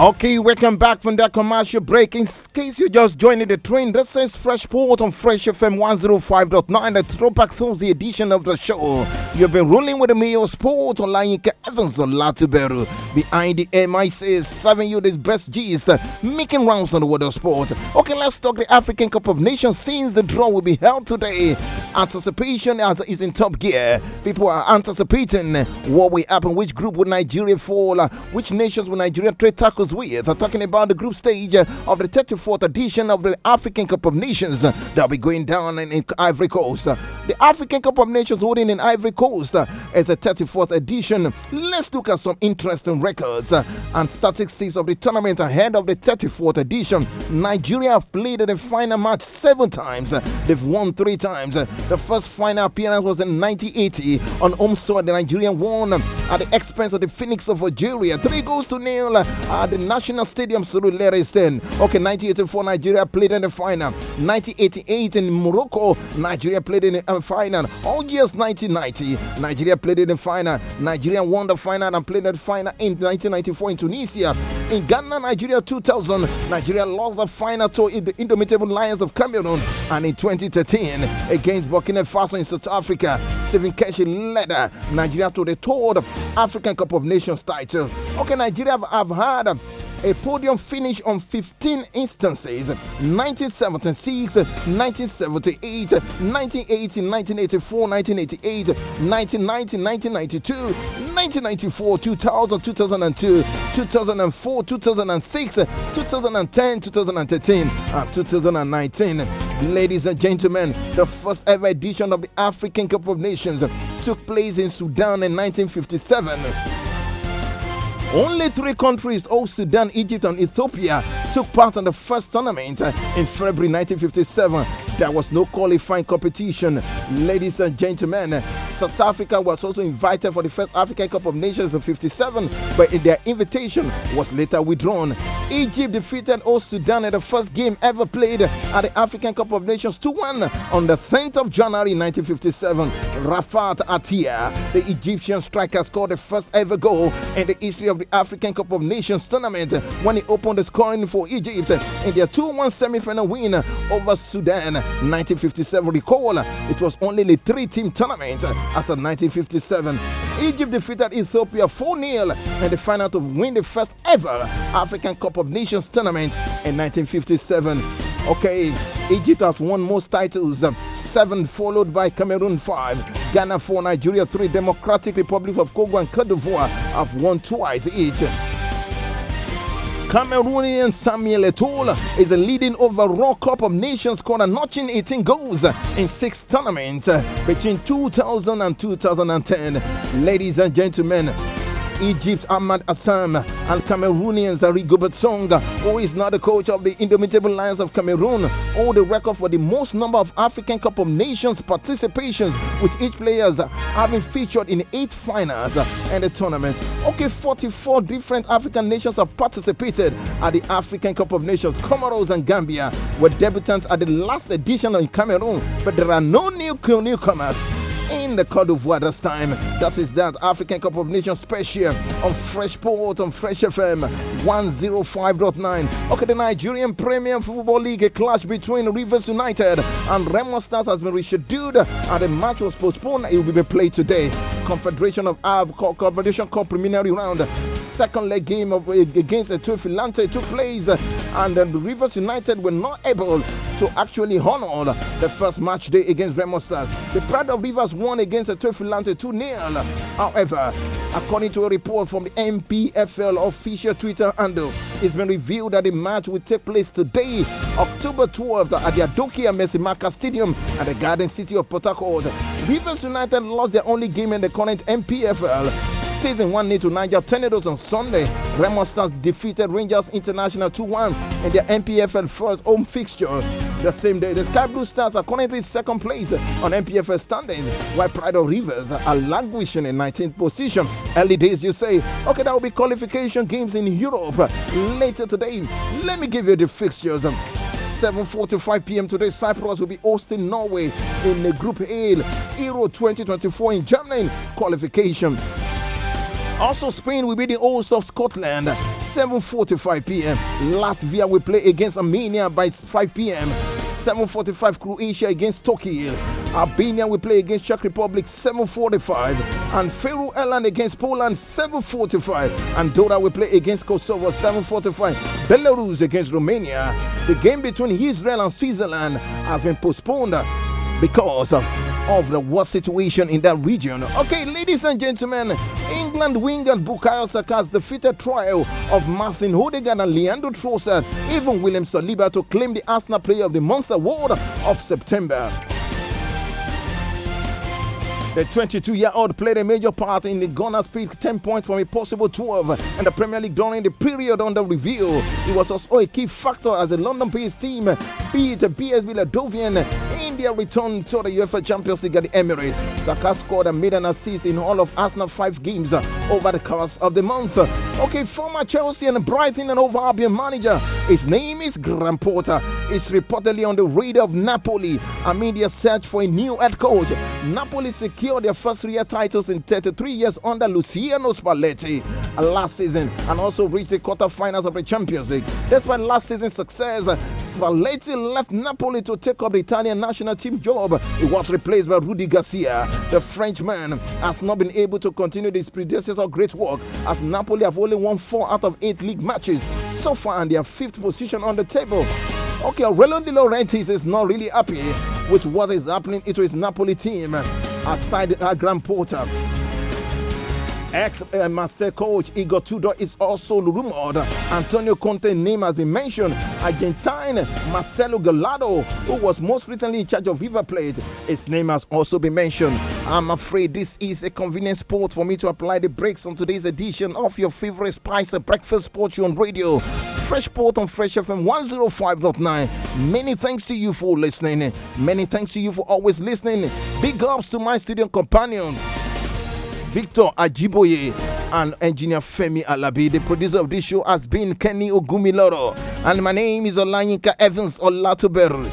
Okay, welcome back from that commercial break. In case you're just joining the train, this is Freshport on Fresh FM 105.9, the Throwback Thursday edition of the show. You've been rolling with the Mayo Sport on Lanyika Evans on Latibero, Behind the MIC, serving you the best gist, making rounds on the world of sport. Okay, let's talk the African Cup of Nations since the draw will be held today. Anticipation is in top gear. People are anticipating what will happen, which group will Nigeria fall, uh, which nations will Nigeria trade tackles we with, uh, talking about the group stage uh, of the 34th edition of the African Cup of Nations uh, that'll be going down in, in Ivory Coast. the African Cup of Nations holding in Ivory Coast is the 34th edition. Let's look at some interesting records and statistics of the tournament ahead of the 34th edition. Nigeria have played the final match seven times. They've won three times. The first final appearance was in 1980 on home soil. The Nigerian won at the expense of the Phoenix of Algeria. Three goals to nil at the National Stadium Surulere is 10. Okay, 1984 Nigeria played in the final. 1988 in Morocco, Nigeria played in the uh, final. All years 1990, Nigeria played in the final. Nigeria won the final and played in the final in 1994 in Tunisia. In Ghana, Nigeria 2000, Nigeria lost the final to the Indomitable Lions of Cameroon. And in 2013, against Burkina Faso in South Africa, Stephen Keshi led uh, Nigeria to the third African Cup of Nations title. Okay, Nigeria have, have had um, a podium finish on 15 instances 1976, 1978, 1980, 1984, 1988, 1990, 1992, 1994, 2000, 2002, 2004, 2006, 2010, 2013, and 2019. Ladies and gentlemen, the first ever edition of the African Cup of Nations took place in Sudan in 1957. Only three countries, all Sudan, Egypt, and Ethiopia, took part in the first tournament in February 1957. There was no qualifying competition. Ladies and gentlemen, South Africa was also invited for the first African Cup of Nations in 57, but in their invitation was later withdrawn. Egypt defeated all Sudan in the first game ever played at the African Cup of Nations 2 1 on the 10th of January 1957. Rafat Atia, the Egyptian striker, scored the first ever goal in the history of the African Cup of Nations tournament when he opened the scoring for Egypt in their 2 1 semi final win over Sudan 1957. Recall, it was only the three team tournament after 1957. Egypt defeated Ethiopia 4 0 in the final to win the first ever African Cup of Nations tournament in 1957. Okay, Egypt has won most titles. Seven followed by Cameroon five, Ghana four, Nigeria three, Democratic Republic of Congo and Cote d'Ivoire have won twice each. Cameroonian Samuel Eto'o is leading over Raw Cup of Nations scorer, notching 18 goals in six tournaments between 2000 and 2010. Ladies and gentlemen, Egypt's Ahmad Assam and Cameroonians Rigo Batsonga, who is now the coach of the Indomitable Lions of Cameroon, hold the record for the most number of African Cup of Nations participations, with each player having featured in eight finals and the tournament. Okay, 44 different African nations have participated at the African Cup of Nations. Comoros and Gambia were debutants at the last edition in Cameroon, but there are no new newcomers in the Cote d'Ivoire this time. That is that African Cup of Nations special on Fresh Port on Fresh FM 105.9. Okay, the Nigerian Premier Football League, a clash between Rivers United and Remo Stars has been rescheduled and the match was postponed. It will be played today. Confederation of Av Confederation Cup preliminary round second leg game of, against uh, Tuifilante took place, and the um, Rivers United were not able to actually honor the first match day against Remo Stars. The Pride of Rivers won against the Tuifilante 2 0. However, according to a report from the MPFL official Twitter handle, it's been revealed that the match will take place today, October 12th, at the Adokia Mesimaka Stadium at the Garden City of Port Harcourt. Rivers United lost their only game in the current MPFL Season 1 need to Niger Tornadoes on Sunday. Remo Stars defeated Rangers International 2 1 in their MPFL first home fixture the same day. The Sky Blue Stars are currently second place on MPFL standings, while Pride of Rivers are languishing in 19th position. Early days, you say, okay, that will be qualification games in Europe later today. Let me give you the fixtures. 7:45 p.m. today, Cyprus will be hosting Norway in the Group A Euro 2024 in Germany qualification. Also, Spain will be the host of Scotland 7:45 p.m. Latvia will play against Armenia by 5 p.m. 7:45 Croatia against Turkey. Albania will play against Czech Republic 7:45 and Faroe Island against Poland 7:45 Andorra will play against Kosovo 7:45 Belarus against Romania the game between Israel and Switzerland has been postponed because of the worst situation in that region. Okay, ladies and gentlemen, England winger Bukayo Saka has defeated trial of Martin Odegaard and Leandro Trossard, even William Saliba to claim the Arsenal Player of the Month award of September. The 22 year old played a major part in the Gunners' peak 10 points from a possible 12 in the Premier League during the period under review. He was also a key factor as the London based team beat PSV Ladovian in their return to the UEFA Champions League at the Emirates. Saka scored a mid an in all of Arsenal's five games over the course of the month. Okay, former Chelsea and Brighton and over Albion manager. His name is Graham Porter. Is reportedly on the radar of Napoli amid their search for a new head coach. Napoli secured their first three year titles in 33 years under Luciano Spalletti last season and also reached the quarterfinals of the Champions League. Despite last season's success, Spalletti left Napoli to take up the Italian national team job. He was replaced by Rudy Garcia. The Frenchman has not been able to continue his predecessor's great work as Napoli have only won four out of eight league matches so far and their fifth position on the table. Okay, Aurelio De Laurentiis is not really happy with what is happening to his Napoli team aside uh, Grand Porter. Ex eh, Marseille coach Igor Tudor is also rumored. Antonio Conte's name has been mentioned. Argentine Marcelo Gallardo, who was most recently in charge of River Plate, his name has also been mentioned. I'm afraid this is a convenient spot for me to apply the brakes on today's edition of your favorite Spice Breakfast Sport on Radio. Fresh Port on Fresh FM 105.9. Many thanks to you for listening. Many thanks to you for always listening. Big ups to my studio companion. Victor Ajiboye and engineer Femi Alabi. The producer of this show has been Kenny Ogumiloro. And my name is Olayinka Evans Olatuber.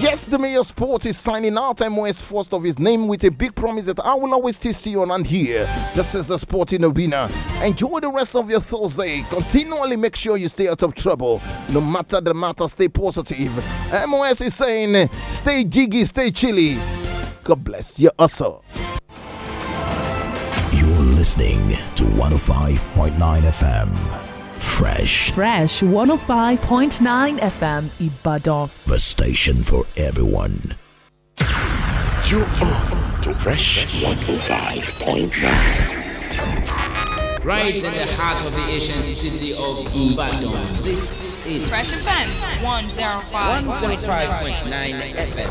Yes, the Mayor Sports is signing out MOS first of his name with a big promise that I will always still see you on and here. This is the Sporting Arena. Enjoy the rest of your Thursday. Continually make sure you stay out of trouble. No matter the matter, stay positive. MOS is saying, stay jiggy, stay chilly. God bless you also listening to 105.9 FM. Fresh. Fresh 105.9 FM Ibadan. The station for everyone. You are to Fresh 105.9. Right in the heart of the ancient city of Ibadan. This is Fresh FM 105.9 FM.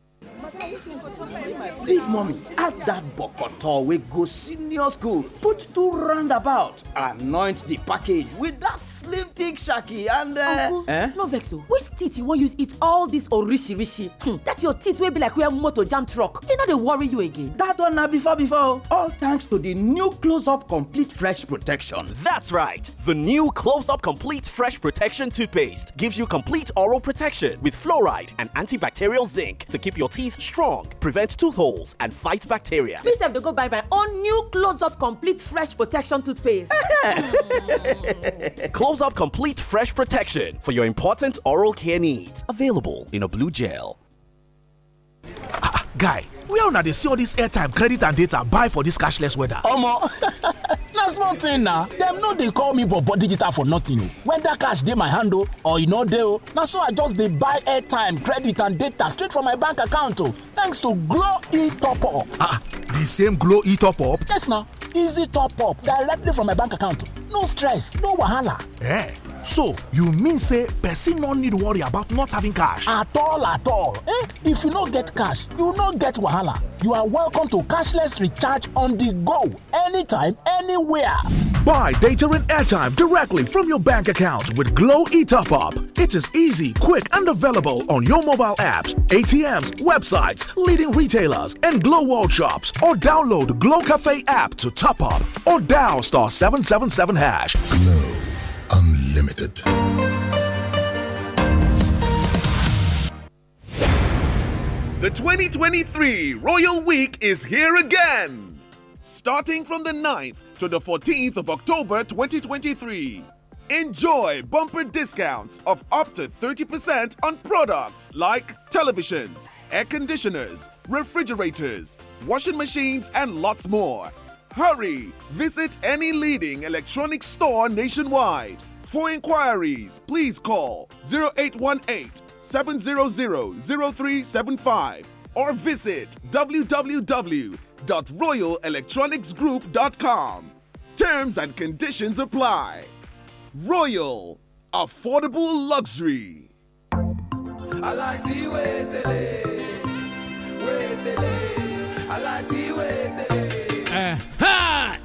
big mommy add that bokoto we go senior school put two roundabout anoint the package with that slim thick shaki and. Uh, uncle eh? no vexo. which teeth you want use eat all this orishi hmm. that your teeth will be like where motor jam truck You know they worry you again. that one now before before all thanks to the new close up complete fresh protection. that's right the new close up complete fresh protection toothpaste gives you complete oral protection with fluoride and antibacterial zinc to keep your teeth strong, prevent tooth holes, and fight bacteria. Please have to go buy my own new Close Up Complete Fresh Protection toothpaste. (laughs) Close Up Complete Fresh Protection for your important oral care needs. Available in a blue gel. Ah, ah, guy where una dey see all this airtime credit and data buy for this cashless weather. omo na small thing na dem no dey call me bobo digital for nothing o oh. whether cash dey my hand o oh, or e no dey o oh. na so i just dey buy airtime credit and data straight from my bank account o thanks to glo e top up. Ah, ah the same glo e top up. yes na easy top up directly from my bank account no stress no wahala. Eh, so you mean say person no need worry about not having cash? at all at all eh if you no get cash you no get wahala you are welcome to cashless recharge on the go anytime anywhere. Buy data and airtime directly from your bank account with Glow eTop Up. It is easy, quick, and available on your mobile apps, ATMs, websites, leading retailers, and Glow World shops. Or download Glow Cafe app to top up or dial star 777 hash. Glow Unlimited. The 2023 Royal Week is here again. Starting from the 9th to the 14th of October 2023. Enjoy bumper discounts of up to 30% on products like televisions, air conditioners, refrigerators, washing machines, and lots more. Hurry! Visit any leading electronics store nationwide. For inquiries, please call 0818 700 0375 or visit www www.royalelectronicsgroup.com. Terms and conditions apply. Royal Affordable Luxury.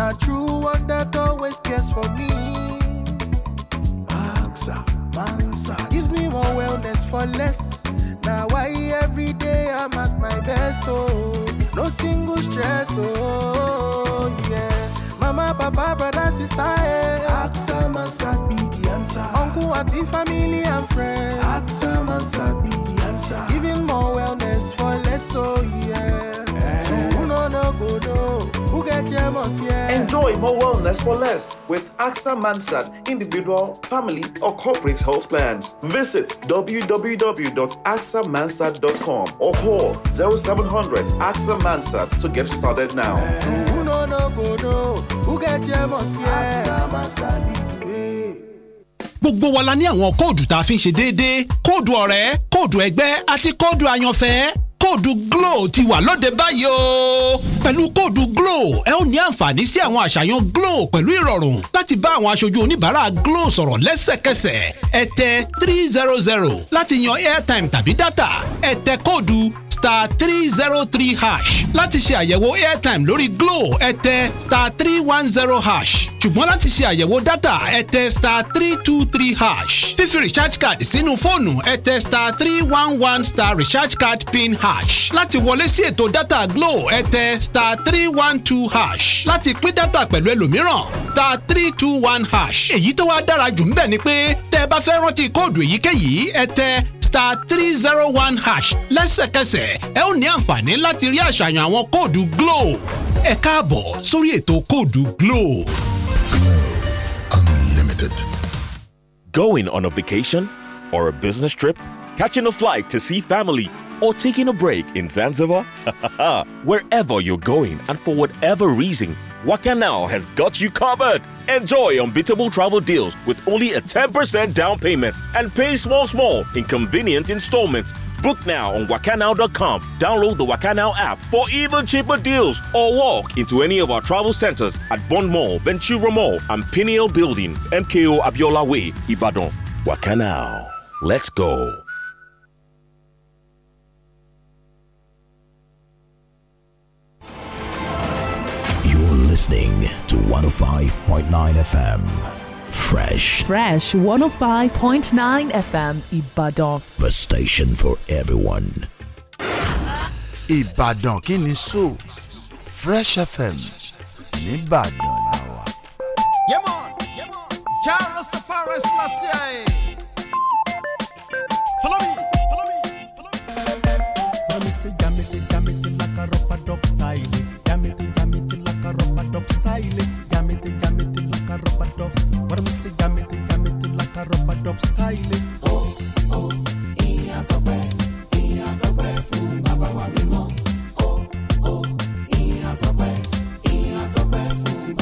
the true one that always cares for me. Answer, answer. Gives me more wellness for less. Now I every day I'm at my best. Oh, no single stress. Oh, yeah. Mama, papa, brother, sister. Eh. Aksam answer be the answer. Uncle, auntie, family, and friends. Aksam answer be the answer. Giving more wellness for less. Oh, yeah. Eh. Enjoy more wellness for less with AXA Mansard individual, family, or corporate health plans. Visit www.axamansard.com or call 0700 AXA Mansard to get started now. Who no no go know who get here must hear. AXA Mansard gbogbo wa la ní àwọn kóòdù tá a fi ń ṣe déédéé kóòdù ọ̀rẹ́ kóòdù ẹgbẹ́ àti kóòdù àyànfẹ́ kóòdù glo ti wà lóde báyìí o. pẹ̀lú kóòdù glo ẹ ó ní àǹfààní sí àwọn àṣàyàn glo pẹ̀lú ìrọ̀rùn láti bá àwọn aṣojú oníbàárà glo sọ̀rọ̀ lẹ́sẹ̀kẹsẹ̀ ẹ three zero zero láti yan airtime tàbí data ẹ tẹ kóòdù star three zero three hash láti ṣe àyẹ̀wò airtime lórí glo ẹ star three one zero hash ṣùgbọ́n láti ṣe àyẹ̀wò data ẹ star three two three hash fífi recharge card sínú fóònù ẹ star three one one star recharge card pin hash hash láti wọlé sí ètò dátà Glo ẹ star three one two hash láti pín dátà pẹ̀lú ẹlòmíràn star three two one hash èyí tó wá dára jù ń bẹ̀ ni pé tẹ́ ẹ bá fẹ́ rántí kóòdù èyíkéyìí ẹ star three zero one hash lẹ́sẹ̀kẹsẹ̀ ẹ ó ní àǹfààní láti rí àṣàyàn àwọn kóòdù Glo ẹ káàbọ̀ sórí ètò kóòdù Glo. Going on a vacation or a business trip? Catching a flight to see family or taking a break in Zanzibar? (laughs) Wherever you're going and for whatever reason, Waka Now has got you covered. Enjoy unbeatable travel deals with only a 10% down payment and pay small, small in convenient installments. Book now on wakanow.com. Download the Wakanow app for even cheaper deals or walk into any of our travel centers at Bond Mall, Ventura Mall, and Pineal Building, MKO Abiola Way, Ibadan. Wakanow. Let's go. listening to 105.9 FM. Fresh. Fresh 105.9 FM Ibadan. The station for everyone. Ibadan kini so Fresh FM nìbàdàn la Yemon, Yemon, Jairus the Forest last year. Eh? Follow me, follow me, follow me. Promise, jam it, jam it like a rubber dub style style. Yam it, yam it like a rubber dubs. What am I say? Yam it, yam it like a rubber dub style. Oh, oh, ìyá Tọ́pẹ́, ìyá Tọ́pẹ́ fún bàbá wa mímọ́. Oh, oh, ìyá Tọ́pẹ́, ìyá Tọ́pẹ́ fún bàbá wa mímọ́.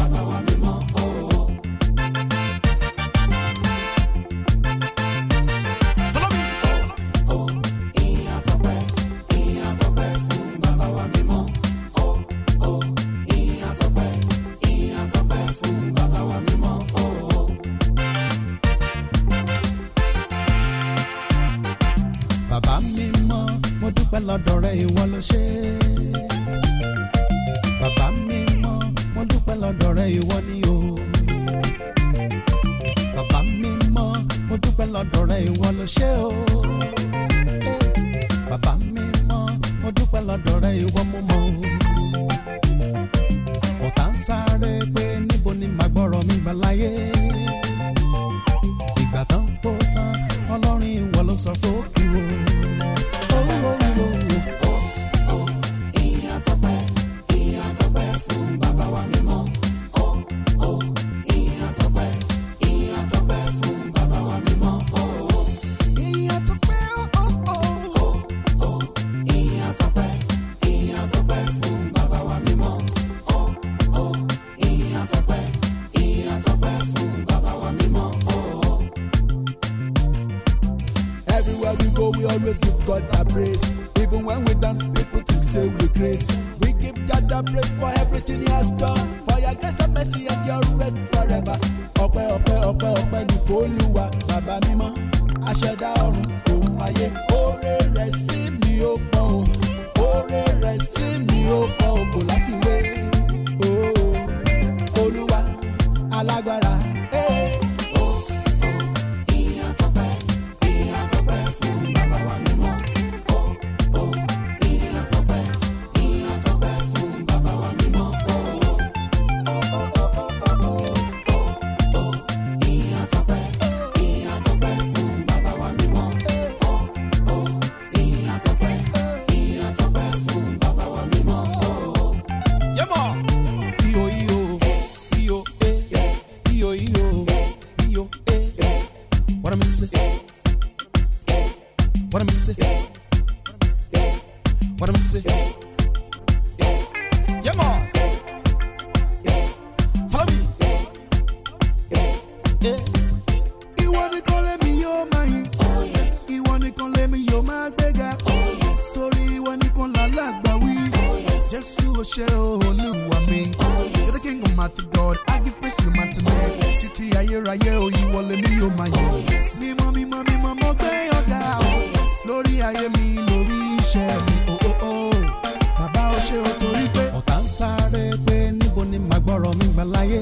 ọ̀rọ̀ mi gbà láyé.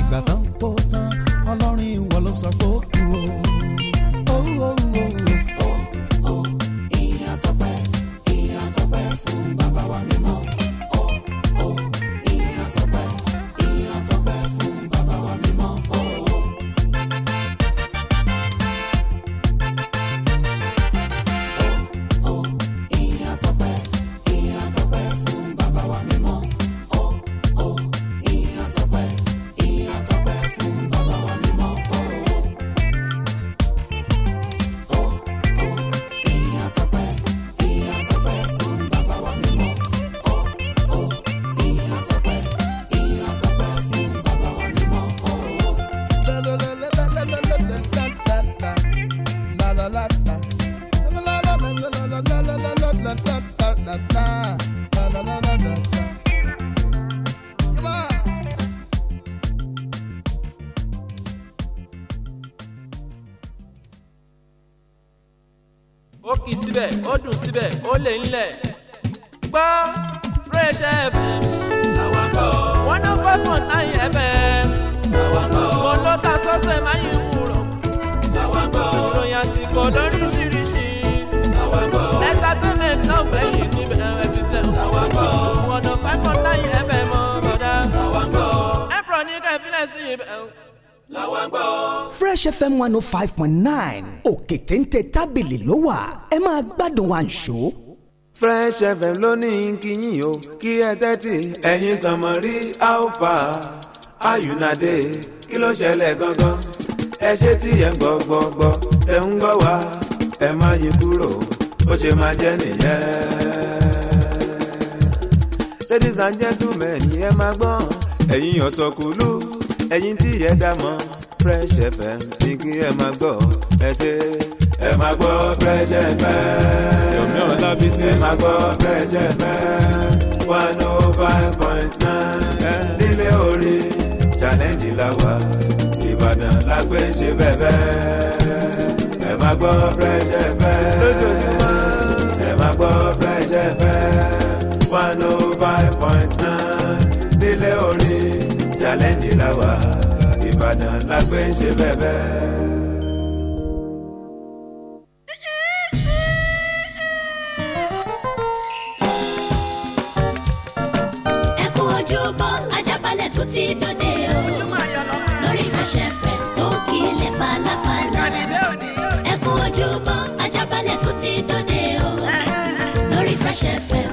ìgbà tán kó tán ọlọ́run ìwọ ló sọ pé ó lókè ńlẹ̀ gbọ́ fresh fm àwàkọ́ one oh five point nine fm mo ló ta sọ́sẹ̀ máa yí wúrọ̀ àwàkọ́ ìròyìn àsìkò lóríṣiríṣi entertainment náà gbẹ̀yìn níbẹ̀ fi sẹ́ one oh five point nine fm ọ̀bọ̀dá àwàkọ́ ní ká ìfilẹ̀ sí ibẹ̀ fresh fm one oh five point nine òkè téńté tábìlì ló wà ẹ máa gbádùn wa ń ṣó. Fresh FM lónìí kíyìn o kí ẹ tẹ́tì. ẹ̀yin sànmọ́ rí alpha ayunade kí ló ṣẹlẹ̀ gangan ẹ ṣe tí ẹ ń gbọ́ gbọ́ gbọ́ ẹ ń gbọ́ wá ẹ má yí kúrò bó ṣe máa jẹ́ nìyẹn. ladies and gentlemen ẹ máa gbọ́n ẹ̀yin ọ̀tọ̀kùlú ẹ̀yin tí ẹ dá mọ́ Fresh FM ní kí ẹ máa gbọ́ ẹ ṣe ẹ máa gbọ́ Fresh FM. yomi Ọlábísí ẹ máa gbọ́ Fresh FM. one oh five point nine nílé orí challenge la wà Ìbàdàn la gbé ṣe bẹ́ẹ̀ ẹ máa gbọ́ Fresh FM. lójoojúmọ́ ẹ máa gbọ́ Fresh FM. one oh five point nine nílé orí challenge la wà Ìbàdàn la gbé ṣe bẹ́ẹ̀. falafala. ẹ kú ojúmọ́ Ajaabale tó ti dòde o lórí Fresh FM.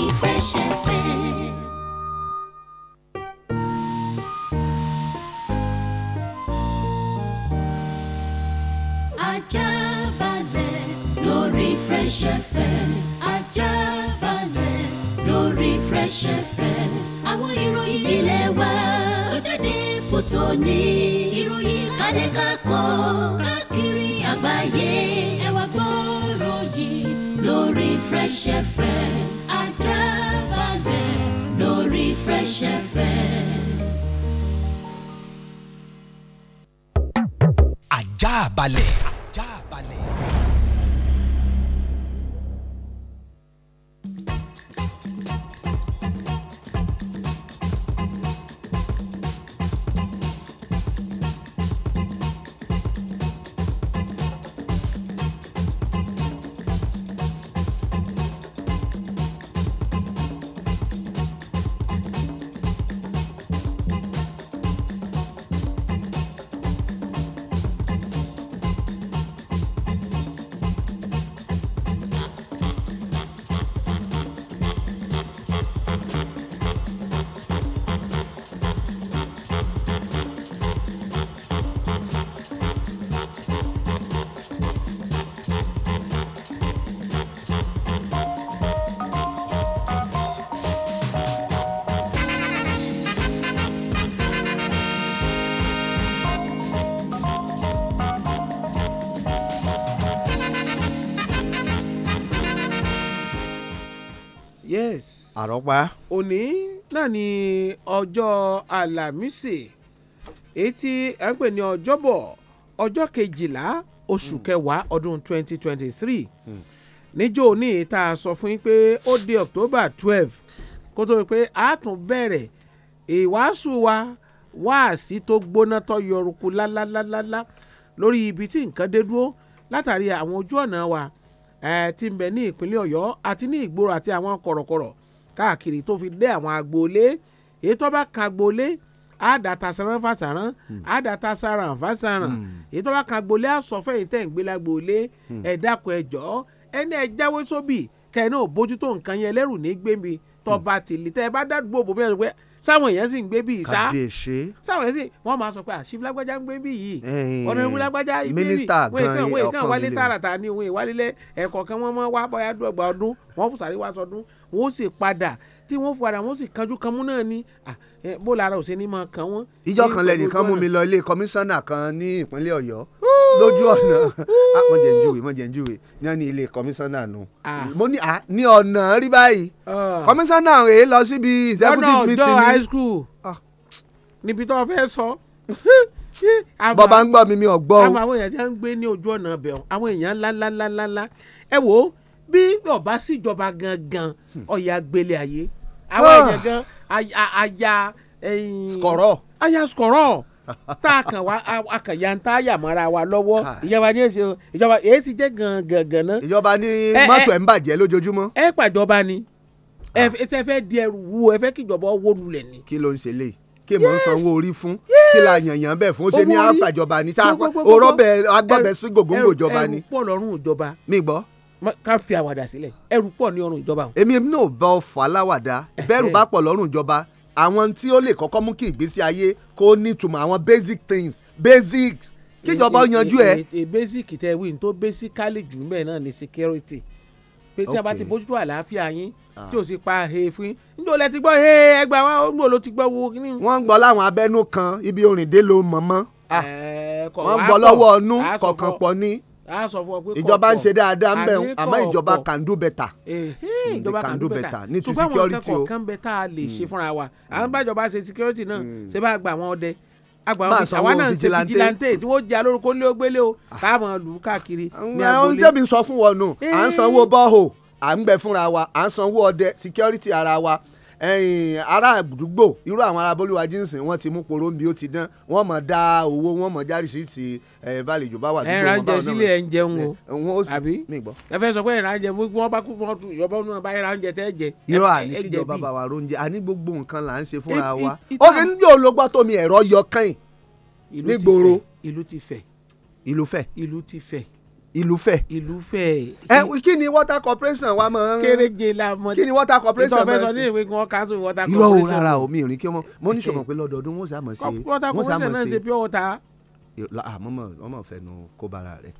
tòní ìròyìn kálẹ̀ kakọ́ káàkiri àgbáyé ẹ wá gbọ́rọ̀ yìí lórí Fresh FM. pa. òní náà ni ọjọ́ àlàmísì èyí tí à ń pè ní ọjọ́bọ̀ ọjọ́ kejìlá oṣù hmm. kẹwàá ọdún 2023 níjó ní ìta sọ fún yín pé ó di October 12 kó tó pé a tún bẹ̀rẹ̀ ìwàásù wa wáàsí tó gbóná tó yọrùkú lálálálálá lórí ibi tí nǹkan dé dúró látàrí àwọn ojú ọ̀nà wa ti ń bẹ ní ìpínlẹ̀ Ọ̀yọ́ àti ní ìgboro àti àwọn kọ̀rọ̀kọ̀rọ̀ káàkiri tó fi dé àwọn agboolé èyí tó bá kan agboolé á dà ta saran fàṣàrán hmm. á dà ta saran fàṣàrán hmm. èyí tó bá kan agboolé á sọ fẹ́yìn tẹ̀ ń gbé lágboolé hmm. ẹ̀ dákun ẹ̀ jọ́ ẹni ẹ̀ jáwé sóbì kẹ́ ẹ̀ náà bójútó nǹkan yẹn lẹ́rù ní gbẹ̀mí tọba tìlí tẹ́ ẹ bá dádúgbò bò bẹ́ẹ̀ pé sáwọn èèyàn sì ń gbé bí ìsá kàbíyèsé sáwọn èèyàn sì wọ́n máa sọ pé àṣìf lágbájá ń gbé bí yìí ọ̀nà ìwú lágbájá ibi rí wọ́n èèkàn wọ́n èèkàn wálé tààràtà ni òun ìwálélẹ̀ ẹ̀kọ́ kan wọ́n mọ́ wá bọ́yá dọ́gba ọdún wọ́n fùsàrí wá sọdún wọ́n sì padà tí wọ́n padà wọ́n sì kanjú kan mú náà ni bó lára ò ṣe ni máa kàn wọ́n. ìjọ kan lẹ́nìkan mú mi lọ ilé kọmíṣánná kan ní ìpínlẹ̀ ọ̀yọ́ lójú ọ̀nà (laughs) ah, mọ̀jẹ̀njúwe mọ̀jẹ̀njúwe ní wọ́n ní ilé kọmíṣánná nù. mo ní ní ọ̀nà rí báyìí kọmíṣánná rèé lọ síbi executive meeting ní. high school ah. níbi tó fẹ́ sọ (laughs) bọ́ba ń gbọ́ mi mi ò gbọ́ àwọn èèyàn ti ń gbé ní ojú ọ̀nà ọbẹ̀ àwọn èèyàn ńláńláńláńlá ẹ wò ó bí ọba síjọba gangan ọ̀yà hmm. gbélé ayé ah. àwọn èèyàn gan aya skọ̀rọ̀ aya skọ̀rọ̀ (laughs) tá a kàn wá a kàn ya tá a yà mọ́ra wa lọ́wọ́ ah. ìjọba ní èsì ìjọba èsì jẹ́ gangan náà. ìjọba ní eh, eh. mọ́tò ẹ̀ ń bàjẹ́ lójoojúmọ́. ẹ pàjọba ni ẹ ah. fẹ́ di ẹrù wo ẹ fẹ́ kíjọba wó lulẹ̀ ni. kí ló ń ṣe léyìí kí mò ń sanwó orí fún kí la yànyàn bẹ́ẹ̀ fún ó ṣe ní àpàjọba ni tá a rọ́bẹ̀ agbọ́bẹ̀ sí gògóńgò ìjọba ni. ẹrù pọ̀ lọ́rùn ìjọba. mi gbọ́ ká fi àwàdà sílẹ̀ ẹrù pọ̀ ní ọrùn ìjọba. èmi náà bá ọ fà láwàdà bẹ́ẹ̀rù bá pọ̀ lọ́rùn ìjọba àwọn tí ó lè kọ́kọ́ mú kí ìgbésí ayé kó nítumọ̀ àwọn basic things basic kíjọba ó e, e, yanjú e, ẹ. basic tẹ wí ní tó basically jù mẹ́ẹ̀ náà ní security pé tí a bá ti bójútó àlàáfíà yín ah. tí o sì pa he fún yín níjó lẹ ti gbọ́ he ẹgbà wa ó gbọ́ ló ti gbọ́ wo. wọ́n gbọ́ láwọn abẹ́nú kan ibi orìndé ló mọ̀ mọ́ wọ́n ń gbọ́ lọ́wọ́ ọ̀nú kọ̀ọ̀kan pọ̀ ní a sọ fún ọ pé kọ̀ọ̀kan ìjọba ń ṣe dáadáa mbẹ àmọ́ ìjọba can do better ìjọba can do better ní ti security o ṣùgbọ́n àwọn nǹkan kan better a lè ṣe hmm. fúnra wa hmm. à ń ṣe security náà hmm. ṣe bá gba àwọn ọdẹ àgbà wọn fi àwa náà ń ṣe fìjìláńtè tí wọn jẹ alórúkọ lé ogbélé o ah. káàmọ lù ú káàkiri ní agboolé. ohun tẹ́mi sọ fún wọn nù à ń sanwó eh. bọ́ọ̀hò à ń gbẹ fúnra wa à ń sanwó ọdẹ security ara wa ará àdúgbò irú àwọn ará bólúwa jíǹsì wọ́n ti mú poro bí ó ti dán wọ́n mọ̀ dá owó wọ́n mọ̀ járí sí ti balẹ̀jọ bá wà. ẹran jẹ sílé ẹ ń jẹun o àbí ẹ fẹ́ sọ pé ẹran jẹ bí wọ́n bá kú wọ́n tún ìjọba ọ̀nà bá ẹran jẹ tẹ́ jẹ. irọ́ àní kíjọba bàbá ro ń jẹ àní gbogbo nǹkan là ń ṣe fúnra wa ó kì í yóò lọ́gbọ́ tómi ẹ̀rọ yọ kàn nígboro. ìlú ti fẹ̀. ìlú fẹ̀. ìlú ti fẹ̀ ìlúfẹ̀. ìlúfẹ̀. ẹ kí ni water corporation wa mọ. kéréje la mọ kí ni water corporation mọ sí. ìtọ́fẹ́sọ ní ìwé kan council water corporation. irọ́ o rárá o mi ò ní kí wọ́n mo ní sọ̀kan pé lọ́dọọdún wọ́n sàmọ̀ sí. water corporation náà ṣe pure water. àmọ́ ọmọ fẹ́ nu kó bara rẹ̀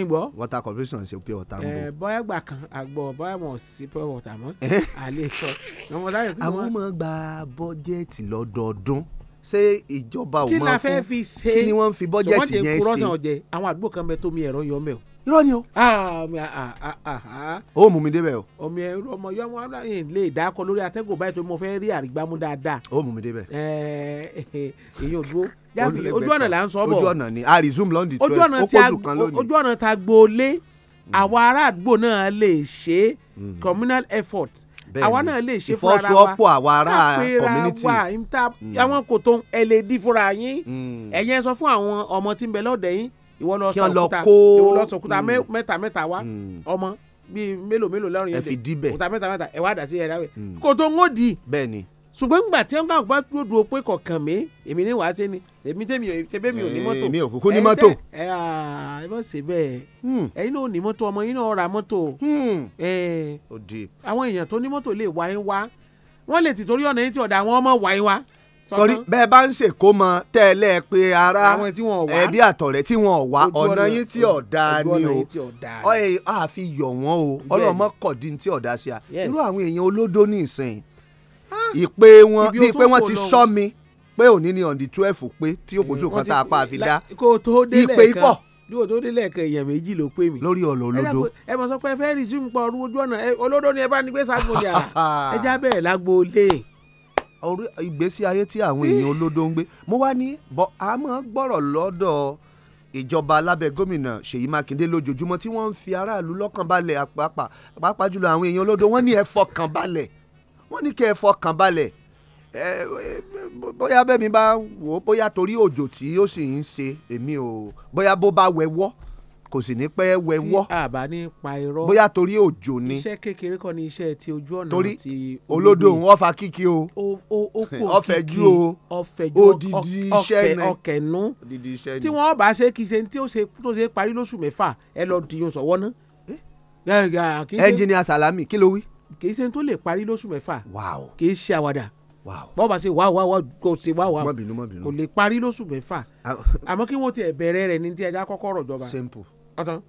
ìgbọ́. water corporation ṣe pure water. ẹ bọ́yá gbà kan àgbọ̀ bọ́yá mọ̀ sí pure water mọ́. àlè sọ àwọn ọmọ gba bọ́jẹ̀tì lọ́dọọdún ṣé ìjọba ò máa fún kí ni wọ́n fi bọ́jẹ̀tì yẹn ṣe. sọ wọ́n ti kúrọ́nà ọ̀jẹ̀ àwọn àdúgbò kan bẹ tó mi ẹ̀rọ yọ mẹ́ o irọ́ ni o. Ah, ah, ah, ó mú mi débẹ̀ o. ọmọ ẹ ọmọ yọmọ aráyìn lè dákọ lórí atẹ́gùn báyìí tó mo fẹ́ rí àrígbámú dáadáa. ó mú mi débẹ̀. èyí ò dúró jáfi ojú ọ̀nà là ń sọ bọ̀ ojú ọ̀nà ni a resume lọ́ndì twelve ó kóṣù kan lónìí. ojú ọ̀nà ta gbolé hmm. àwa ará àdúgbò náà lè ṣe hmm. communal effort àwa náà lè ṣe fúnra wa ìfọwọ́sowọ́pọ̀ àwa ará community hmm. àwọn kò tó ẹ lè di fúnra yín ẹ̀yẹn sọ fún àwọn ọmọ tí ń bẹ lọ́dẹ̀ yín ìwọ lọ sọ òkúta ìwọ lọ sọ òkúta mẹ́ta mẹ́ta wá ọmọ bíi mélòó mélòó lọ́rùn yẹn dé òkúta mẹ́ta mẹ́ta ẹ̀ wá dà sí ẹ̀dá wẹ̀ mm. kò tó ń ó di. bẹ́ẹ̀ni ṣùgbọ́n nígbà tí wọ́n bá dúró dúró pé kọ̀ọ̀kan mi èmi ní wàá ṣe ni èmi tẹ́mi ò tẹ́mi ò ní mọ́tò èmi ò kúkú ní mọ́tò. ẹ ẹ bọ́ ṣe bẹ́ẹ̀ hmm. ẹ̀yin náà ò ní mọ́tò ọmọ yín náà ra mọ́tò. Hmm. àwọn èèyàn tó ní mọ́tò lè wáyé wá wọ́n lè tìtorí ọ̀nà yín tí ọ̀dà àwọn ọmọ wáyé wá torí bẹ́ẹ̀ bá ń ṣèkómọ tẹ́lẹ̀ pé ara ẹbí àtọ̀rẹ́ tí wọ́n wá ọ̀nà yín tí ọ̀dà ni o àfi yọ̀ wọ́n o ọlọ́mọ kọ̀dín tí ọ̀dà ṣe à irú àwọn èèyàn olódó ní ìsìn ah, ìpè wọn bíi pé wọ́n ti sọ mi pé òní ni on the twelve pé tí òkòtò eh, kan tá a pa àfi dá ìpè ipò yóò tó dé lẹ́ẹ̀kan èèyàn méjì ló pè mí. lórí ọ̀lọ́ olódó. ẹ mọ̀ sọ pé ẹ fẹ́ resume ọdún ojú ọ̀nà olódó ni ẹ bá ní gbé sago ní àrà (laughs) ẹ já bẹ̀rẹ̀ lágbo lé ìgbésí ayé tí àwọn èèyàn olódó ń gbé mo wá ní bọ́ a máa gbọ́rọ̀ lọ́dọ̀ ìjọba alábẹ́ gómìnà Ṣèyí Mákindé lójoojúmọ́ tí wọ́n ń fi aráàlú lọ́kàn balẹ̀ àpapà pàápàá jùlọ àwọn èèyàn olódó wọ́n ní ẹ fọkàn balẹ̀ wọ́n ní kẹ́ ẹ fọkàn balẹ̀ bóyá bẹ́ẹ̀ mi bá wò ó bóyá torí òjò tí ó sì ń ṣe èmi ò bóyá bó bá wẹ̀ wọ́ kò sì ní pẹ́ wẹwọ́. tí àbá ní pa irọ́. bóyá torí òjò ni. iṣẹ́ kékeré kọ́ ni iṣẹ́ ti ojú ọ̀nà ti olódò òun ọ̀fà kíkí o. o o o kò (laughs) kíkí ọ̀fẹ́jú o ọ̀fẹ́jú odidi iṣẹ́ ni ọ̀kẹ́nu tí wọ́n bá ṣe kí ṣe tí ó ṣe tó ṣe parí lóṣù mẹ́fà ẹ lọ dìyàn sọ̀wọ́ ná. Eh? ẹnjìnìà Sàlámì kí ló wí. kì í ṣe tó lè parí lóṣù mẹ́fà kì í ṣe àwàdà bọ́ọ̀ bá ṣe wá wá wá kò ṣe wá wá kò lè parí lóṣù mẹ́fà ah. àmọ́ kí wọ́n ti ẹ̀ bẹ̀rẹ̀ rẹ̀ ní tí ẹja kọ́kọ́ rọ̀ jọba. simple ọ̀tán.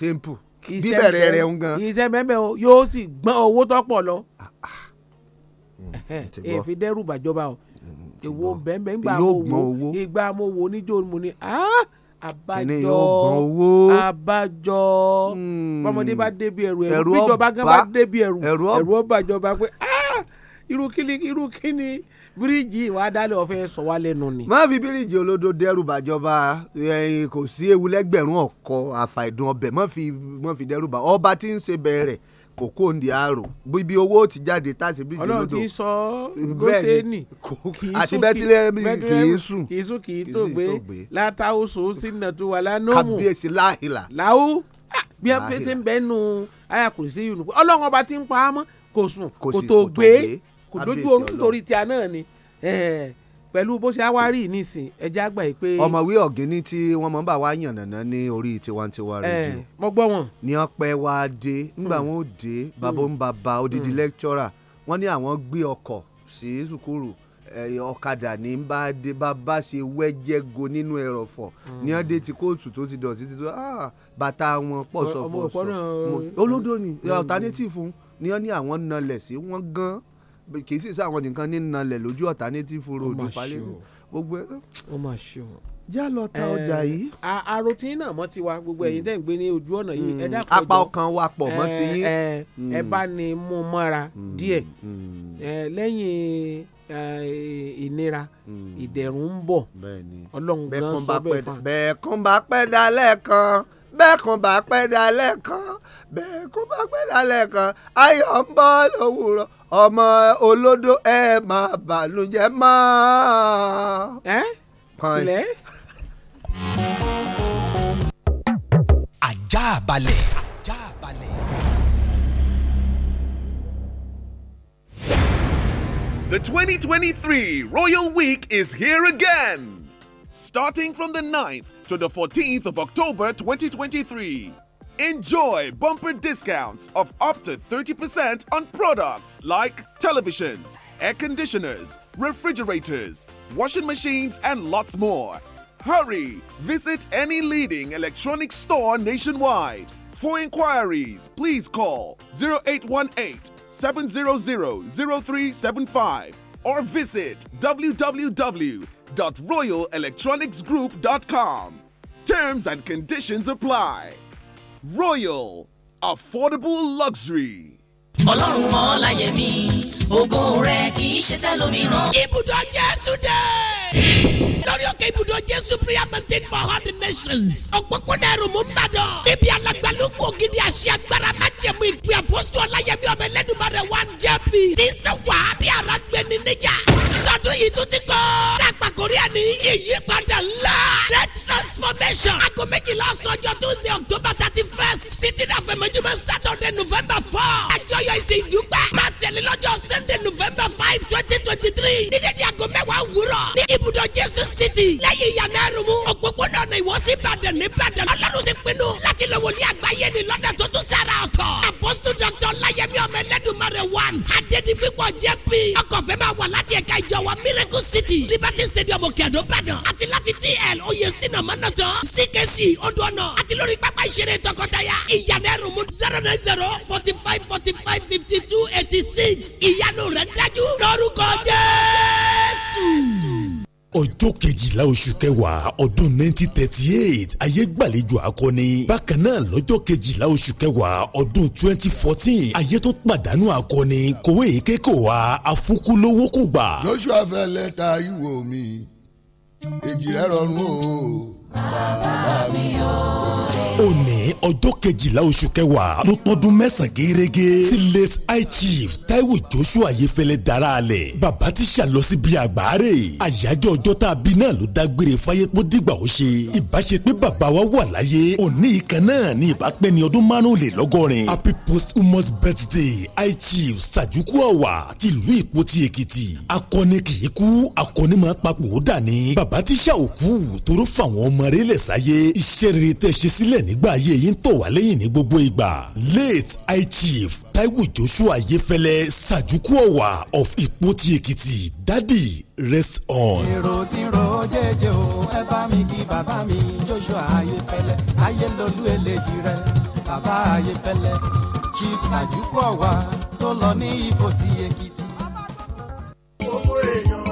simple bíbẹ̀rẹ̀ rẹ̀ ń gan. iṣẹ́ mẹ́mẹ́ o yóò sì gbọ́n owó tó pọ̀ lọ. Ah, ah. èfi dẹ́rù bàjọba o èwo bẹ́ẹ̀ ńgbà mo wo ìgbà mo wo níjó mo ní àbájọ àbájọ hmm. bọ́mọdé bá débi ẹrù ẹrù bíjọba gan bá débi ẹrù ẹrù ọbàjọba pé irú kíni irú kíni bíríìjì ìwà dálẹ̀ ọ̀fẹ́ sọ wá lẹ́nu ni. má fi bíríìjì olódó dẹ́rù bàjọba kò sí ewu lẹ́gbẹ̀rún ọkọ̀ àfàìdùn ọbẹ̀ má fi má fi dẹ́rù bà ọba tí ń ṣe bẹ̀rẹ̀ kòkó ndí àrò bíbí owó ti jáde táàsì bíríìjì lódò ọlọ́run ti sọ gósẹ́nì àti bẹ́tílẹ́mì kì í sùn kì í sùn kì í tó gbé látàwùsù sínú tó wà lánàmù kábíyèsí láhìlà láwù bí a pété ń bẹ́ẹ̀ nu ayakùrẹ́sì yìí nù ọlọ́run ọba ti ń pa á mọ́ kò sùn kò tó gbé kò dójú oorun nítorí tí a náà ni pẹ̀lú bó ṣe á wá rí nísìn ẹjẹ́ àgbà yìí pé. ọ̀mọ̀wé ọ̀gíní tí wọ́n mọ̀ ń bà wá yànnàná ní orí tiwantiwa rédíò. mo gbọ́ wọn. ní ọpẹ́ wa dé nígbà hmm. wọn ò dé bàbá hmm. ń bàbá odidi hmm. lecturer wọ́n ní àwọn gbé ọkọ̀ sí sùkúrù ọ̀kadà ní bá dé bàbá ṣe wẹ́jẹ́go nínú ẹ̀rọ̀fọ̀ ní ọdẹ tí kóòtù tó ti dọ̀tí ti tó ah, bàtà wọn pọ̀sọ̀pọ̀sọ̀ olódò ni alternative kì í sì sáwọn nìkan ní nalẹ̀ lójú alternative road palẹ́ gbogbo ẹ̀. ó mà ṣe o já lọ ta ọjà yìí. àròtí náà mọ́ tiwa gbogbo ẹ̀yin mm. tẹ́ ń gbé ní ojú ọ̀nà yìí ẹ mm. dákọ̀jọ́ apá ọkàn wa pọ̀ mọ́ ti yín. ẹ mm. bá ní mú mọ́ra díẹ̀ lẹ́yìn ìnira ìdẹ̀rùn ń bọ̀ ọlọ́run gan sọ bẹ́ẹ̀ fún bẹ́ẹ̀ kún bá pẹ́ dalẹ́ kan bẹ́ẹ̀ bá pẹ́ dalẹ̀ kan bẹ́ẹ̀ bá pẹ́ dalẹ̀ kan ayọ̀ ń bọ̀ lówùrọ̀ ọmọ olódó ẹ máa bàlùjẹ́ mọ́. ẹ ajá ajá balẹ̀. The 2023 Royal Week is here again. Starting from the 9th to the 14th of October 2023. Enjoy bumper discounts of up to 30% on products like televisions, air conditioners, refrigerators, washing machines, and lots more. Hurry! Visit any leading electronics store nationwide. For inquiries, please call 0818 700 0375 or visit www www.royalelectronicsgroup.com. Terms and conditions apply. Royal Affordable Luxury. ọlọ́run ogún rẹ̀ kì í ṣe ibùdó lórí òkè ibùdó jésù prayer mountain for all the nations òpópónà ẹrù mú nbàdàn bíbí alagbalógun ògidì àṣẹ agbára májẹ̀mú ìpè àpòsù ọláyẹmí ọmọ ẹlẹ́dùnmarẹ̀ wá ń jẹ́ bí tí ń sẹ́ wà á bí ara gbẹni níjà tọdún yìí tún ti kọ́ sàpàkórí ẹni ìyípadà ńlá great transformation aago méjìlá sọjọ́ tuesday october thirty first títí náà fẹ̀mẹ́júmọ́ saturday november four àjọyọ̀ ìsìn ìdúpẹ́ máa tẹ̀lé lọ́jọ́ sunday november five twenty twenty three nídìí aago mẹ́wàá wúrọ̀ ní ibùdó jésù city lẹ́yìn ìyànà ẹrùmú òpópónà ọ̀nà ìwọ́sí ìbàdàn nìbàdàn ọlọ́run ti pinnu láti lọ wòlíì àgbáyé ni lọ́nà tó tún sára ọ̀tọ̀ apostol doctor layemi ọmọ ẹlẹ́dùnmarè one adédìpípọ̀ jp ọkọ̀ fẹ́ máa wà láti ẹ̀ka wa miracle city liberty stadium òkèdó ìbàdàn àti láti tl oyè sinà mọ́nàtọ́ ckc odò ọ̀nà àti lórí pápá ìṣeré tọkọtaya ìyànà ẹrùmú zero nine zero forty five forty five fifty two eighty six ìyanu rẹ̀ dájú lórúkọ jésù ọjọ́ kejìlá oṣù kẹwàá ọdún nineteen thirty eight ayé gbàlejò akọni bákan náà lọ́jọ́ kejìlá oṣù kẹwàá ọdún twenty fourteen ayé tó pàdánù akọni kòwé kékòó wa afúkúlówó kò gbà. joshua fẹ́ lẹ́ta ìwò mi èjì rẹ̀ rọrùn o bàbá mi o òní ọjọ́ kejìlá oṣù kẹwàá ló tọdún mẹ́sàn-án gẹ́gẹ́ sí late high chief taiwo joshua ayéfẹ́lẹ́ dara alẹ̀ bàbá ti ṣàlọ́sí bíi àgbáre àyájọ́ ọjọ́ tá a bí náà ló dágbére fáyé pọ́ dìgbà ó ṣe ìbáṣe pé bàbá wa wà láyé òní kan náà ni ìbápẹ́ ni ọdún márùnlélọ́gọ́rin happy posthumous birthday high chief sàjúkú ọ̀wà tìlú ìpótì èkìtì akọni kì í kú akọni máa papò ó dà ní bàbá olódùmarè lè sáyé iṣẹ́ rere tẹ́ ṣe sílẹ̀ nígbà ayé yìí ń tọ̀ wá lẹ́yìn ní gbogbo ìgbà late high chief taiwo joshua yefẹlẹ sajuku ọwà of ipoti ekiti, dadi rest on. èrò tí ro jẹjẹ o ẹ bá mi kí bàbá mi joshua ayefẹlẹ ayélolú eléjì rẹ bàbá ayefẹlẹ chief sajuku ọwà tó lọ ní ipoti èkìtì. owó èèyàn.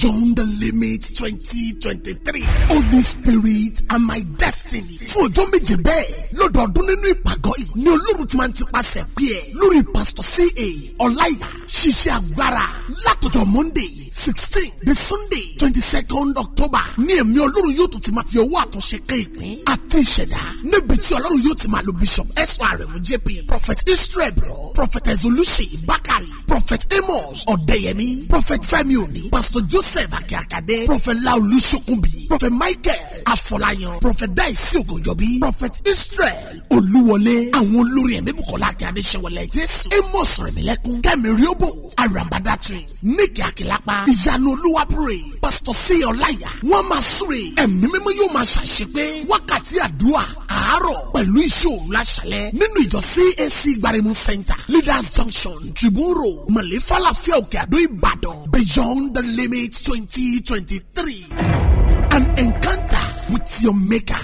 Beyond the Limit 2023. Holy Spirit and my destiny. Fún ọjọ́ méje bẹ́ẹ̀ lọ́dọọdún nínú ìpàgọ́ yìí ni Ọlọ́run ti máa ń tipasẹ̀ pé ẹ̀ lórí Pastor C.A. Ọláìyá ṣiṣẹ́ agbára látọjọ́ Monday sixteen the Sunday twenty-second October ní èmi Ọlọ́run yóò tún ti máa fi owó àtúnṣe kẹ́ ìpín àti ìṣẹ̀dá níbi tí Ọlọ́run yóò ti máa lo Bishop S.R. Mujepi, Prophet Israel Bro, Prophet Ezolushi Bakari, Prophet Amos Ọ̀dẹ́yẹmí, Prophet Fẹ́mi Òní, Pastor Joseph joseph akíakadé prophet laolu sokunbi prophet michael afọláyan prophet daisy ogunjọbi prophet israel olúwọlé àwọn olórí ẹ̀mí bukola akíade sẹwọlẹ jésù amos rẹmílẹ́kún kẹ́mi riobo arambada twins níkì akílápá ìyanu olúwapure pastor c ọláyà wọ́n máa súre ẹ̀mí mímọ́ yóò máa ṣàṣepé wákàtí àdúrà àárọ̀ pẹ̀lú iṣẹ́ òru láṣálẹ́ nínú ìjọ cac gbaremu center leaders junction tribune road mọ̀lẹ́fàlàfíà òkè àdó ìbàdàn beyond the limit 2023. An encounter with your maker.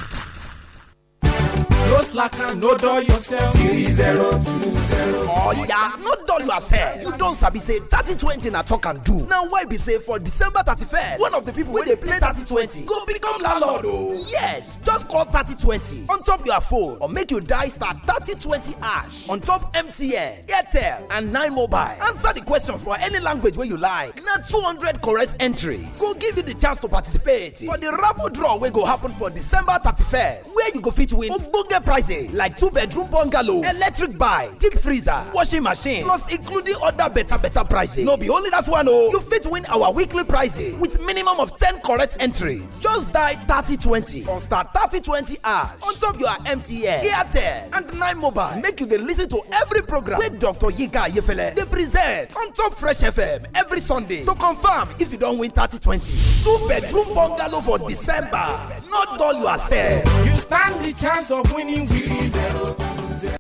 No slack and no dull yourself. Three zero two zero. Oh yeah, no tell you ourself you don't sabi say thirty twenty na talk and do Now why be say for december thirty first one of the people wey dey play thirty twenty go become landlord o oh. yes just call thirty twenty on top your phone or make you die star thirty twenty ash on top mtn airtel and nine mobile answer the question for any language wey you like na two hundred correct entries go give you the chance to participate for the raffle draw wey go happen for december thirty first where you go fit win ogbonge prizes like two bedroom bungalow electric bike deep freezer washing machine plus prizes including other better better prizes. No be only that one o. Oh. You fit win our weekly prizes with minimum of ten correct entries. Just die thirty twenty or start thirty twenty hours on top your MTN, Airtel and Nine Mobile. Make you dey lis ten to every program wey Dr. Yinka Ayefele dey present on top Fresh FM every Sunday to confirm if you don win thirty twenty. Two bedroom bungalow for December. Not dull yourself. You stand the chance of winning with 0 0.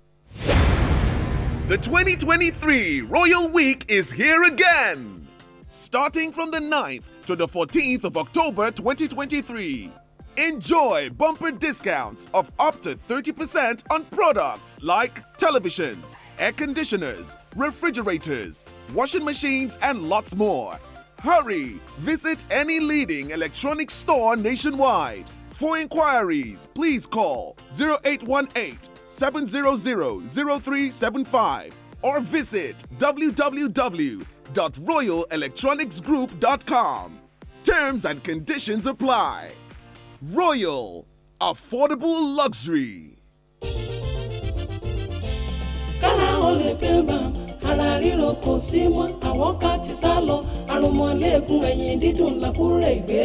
The 2023 Royal Week is here again! Starting from the 9th to the 14th of October 2023. Enjoy bumper discounts of up to 30% on products like televisions, air conditioners, refrigerators, washing machines, and lots more. Hurry! Visit any leading electronics store nationwide. For inquiries, please call 0818 700-0375 or visit www.royalelectronicsgroup.com. Terms and conditions apply. Royal Affordable Luxury. ara ríro kò sí mọ́ àwọn ká ti sá lọ ẹ̀yìn dídùn làkúrẹ́ ìgbé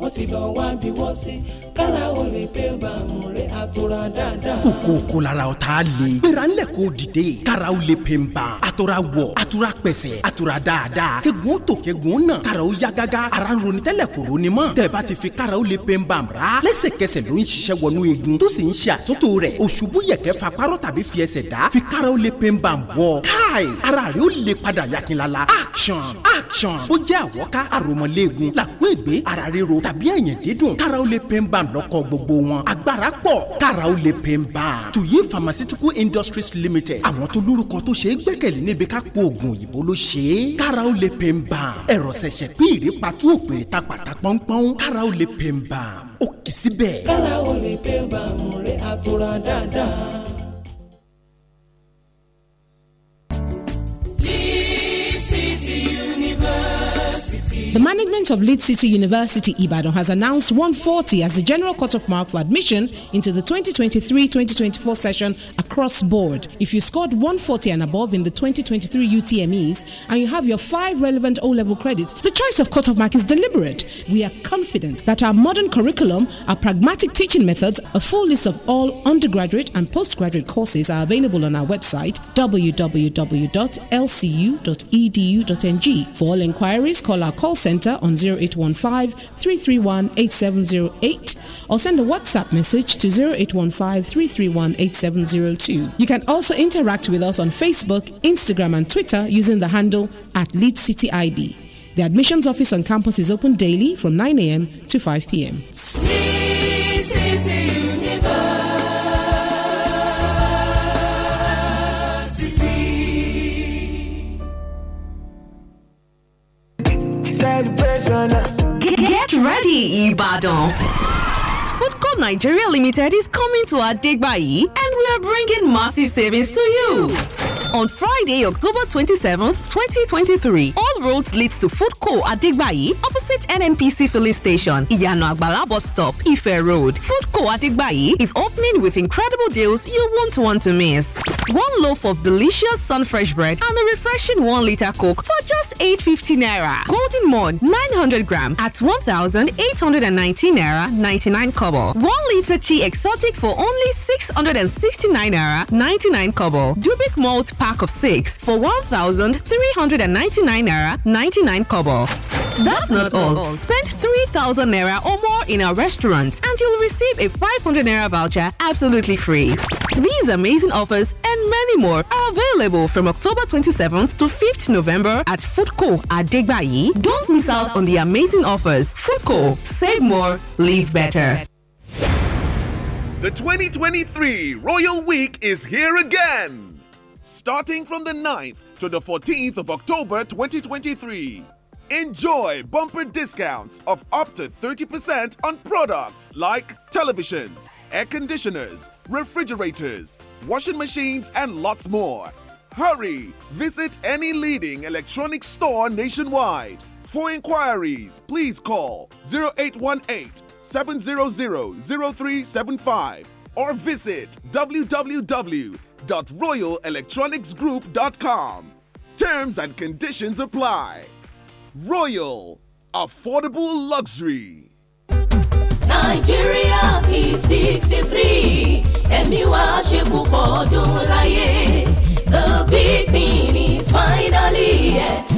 wọ́n ti lọ wá bí wọ́n sí kára o lè pé bàmù rẹ̀ àtòrà dáadáa. kòkó kò lára o tá a gbéra ńlẹ̀ kò dìde. kára o lè pè ń ban. àtòrà wọ̀ àtòrà pẹ̀sẹ̀ àtòrà dáadáa. kegun tó kegun náà. kára o ya gágá. ara ń ronú tẹ́lẹ̀ kò ronú mọ́. tẹ̀bá ti fi kára o lè pè ń ban ra. lẹ́sẹ̀kẹsẹ̀ ló ń ṣiṣẹ́ wọnú igun. tó sì ń ṣe àtúntò rẹ̀. òṣùbù yẹ̀kẹ́ fi ẹsẹ̀ dá. fi kára o lè pè action action. ó jẹ́ àwọ̀ká àròmọ̀lẹ́gun làkúègbé ara ríro tàbí ẹ̀yìn dídùn kára ó lè pè ń bá lọ́kọ̀ gbogbo wọn agbára pọ̀ kára ó lè pè ń tuyi pharmaceutical industries limited àwọn tó lórúkọ tó ṣe é gbẹ́kẹ̀lé níbi ká kó oògùn òyìnbó ló ṣe é kára ó lè pè ń bá. ẹ̀rọ ṣẹ̀ṣẹ̀ pín ìrèpàtú òpèrè ta pàtà pọ́npọ́n kára ó lè pè ń ó kì í síbẹ̀. kára ó lè pè ń bá mú rẹ̀ The management of Leeds City University Ibadan has announced 140 as the general cut-off mark for admission into the 2023-2024 session across board. If you scored 140 and above in the 2023 UTMEs and you have your five relevant O-level credits, the choice of cut-off mark is deliberate. We are confident that our modern curriculum, our pragmatic teaching methods, a full list of all undergraduate and postgraduate courses are available on our website www.lcu.edu.ng. For all inquiries, call our call center Center on 0815 331 8708 or send a WhatsApp message to 0815 331 8702. You can also interact with us on Facebook, Instagram, and Twitter using the handle at Lead City IB. The admissions office on campus is open daily from 9 a.m. to 5 p.m. celebration. Get ready, Ibadan. Foodco Nigeria Limited is coming to our Adegbayi and we are bringing massive savings to you. On Friday, October 27th, 2023, all roads leads to Foodco at Adegbayi opposite NNPC filling station, Iyano Agbala bus stop, Ife Road. Foodco Adegbayi is opening with incredible deals you won't want to miss. one loaf of delicious Sunfresh bread, and a refreshing one liter Coke for just 850 naira. Golden Mon 900 gram at 1819 naira 99 kobo. One liter tea exotic for only 669 naira 99 kobo. Dubik malt pack of six for 1399 naira 99 kobo. That's, That's not, not all. all. Spend 3,000 naira or more in our restaurant and you'll receive a 500 naira voucher absolutely free. These amazing offers and many more are available from October 27th to 5th November at Foodco at Degbayi. Don't miss out on the amazing offers. Foodco, save more, live better. The 2023 Royal Week is here again. Starting from the 9th to the 14th of October 2023. Enjoy bumper discounts of up to 30% on products like televisions, air conditioners, refrigerators, washing machines, and lots more. Hurry! Visit any leading electronics store nationwide. For inquiries, please call 0818 700 0375 or visit www.royalelectronicsgroup.com. Terms and conditions apply. Royal Affordable Luxury. Nàìjíríà P sixty three ẹ̀mí wa ṣe púpọ̀ ọdún láyé the big thing is finally. Yeah.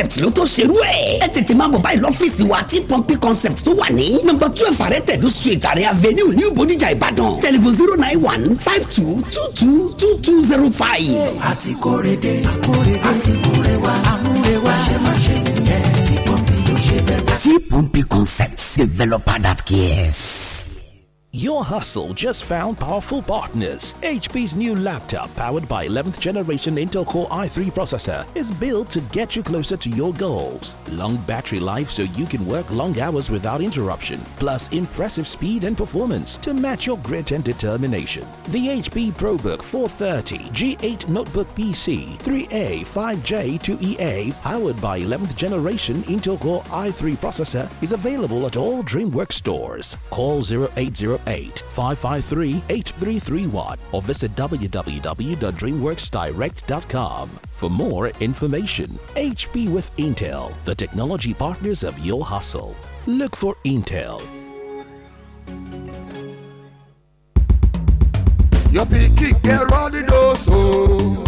concept ló tó ṣerú ẹ̀. ẹ tètè máa bọ̀ báyìí lọ́fíìsì wa tí pọ́ńpì concept tó wà ní. nọ́mbà twelve àrẹ tẹ̀lú street àrẹ avenue new bodijà ìbàdàn Telephone zero nine one five two two two two two zero five. a ti kórè dé a kórè dé a ti múre wá a múre wá ṣe máa ṣe nìyẹn tí pọ́ńpì ló ṣe bẹ́ẹ̀. tí pọ́ńpì concept developer that cares. Your hustle just found powerful partners. HP's new laptop, powered by 11th generation Intel Core i3 processor, is built to get you closer to your goals. Long battery life so you can work long hours without interruption, plus impressive speed and performance to match your grit and determination. The HP ProBook 430 G8 Notebook PC 3A 5J 2EA, powered by 11th generation Intel Core i3 processor, is available at all DreamWorks stores. Call 080 08 8331 or visit www.dreamworksdirect.com for more information. HP with Intel, the technology partners of your hustle. Look for Intel. Your picking get running also.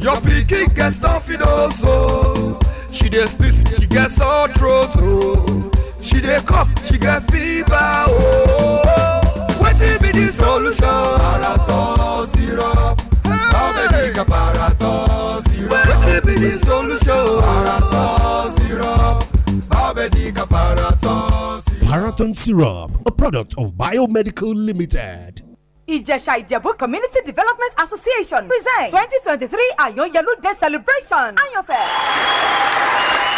Your picking get stuffing also. She dey sneeze, she get sore throat. Oh. She dey cough, she get fever. Oh. Wetin be solution? Wetin be solution? Paraton syrup, a product of Biomedical Limited. ìjẹ̀ṣà ìjẹ̀bú community development association present twenty twenty three àyànyẹlú day celebration ayànfẹ́.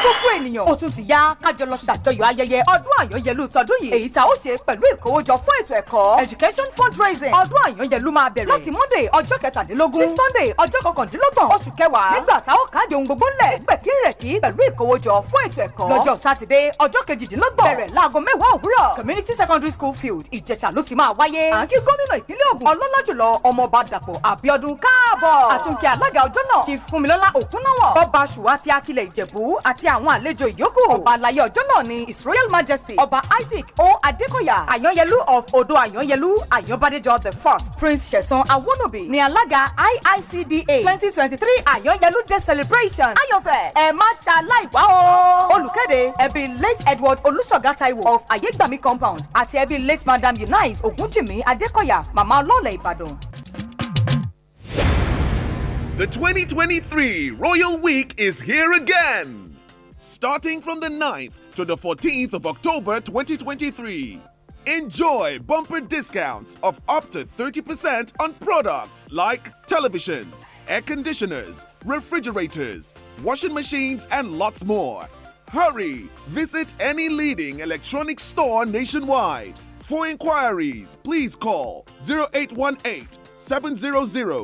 gbogbo ènìyàn ó tún ti yá kájọ lọ ṣàjọyọ̀ ayẹyẹ ọdún àyànyẹlú tọdún yìí èyí tá ó ṣe pẹ̀lú ìkówójọ fún ètò ẹ̀kọ́ education fundraising ọdún àyànyẹlú máa bẹ̀rẹ̀ láti monday ọjọ́ kẹtàdínlógún sí sunday ọjọ́ kọkàndínlọ́gbọ̀n oṣù kẹwàá nígbà tá ó káàdì ohun gbogbo ńlẹ̀ gbẹ̀kírẹ̀kí pẹ̀lú ìkówójọ fún ètò ẹ̀kọ́ lọ́jọ́ sátidé ọjọ́ kejìdínlọ́gbọ̀n bẹ̀rẹ̀ láago community secondary school field ìjẹ̀ṣà ló ti máa wáyé à ń kí ìpínlẹ̀ Ògùn ọlọ́lá jùlọ ọmọọba Dàpọ̀ Abíọ́dún káàbọ̀ àtúnkẹ́ alága ọjọ́ náà Chief Fúnmilọ́lá Òkúnnáwọ̀ ọba àṣùwà ti akilẹ̀ Ìjẹ̀bú àti àwọn àlejò ìyókù ọba alayé ọjọ́ náà ni His Royal Majesty ọba Isaac O Adekoya, Àyànyẹlú of Odo Àyànyẹlú Àyànbádéjọ the first Prince Ṣẹ̀san Awónòbí ni alága IICDA twenty twenty three Àyànyẹlú day celebration ayọ̀fẹ́ ẹ má ṣaláìwá o olùkéde ẹbí late Edward Olúṣọ̀gá Táíwò of Ayégbàmí compound àti ẹbí late Madam Eunice Ògúnjìmí Adekoya, Mama. The 2023 Royal Week is here again, starting from the 9th to the 14th of October 2023. Enjoy bumper discounts of up to 30% on products like televisions, air conditioners, refrigerators, washing machines, and lots more. Hurry! Visit any leading electronics store nationwide for inquiries, please call 0818 700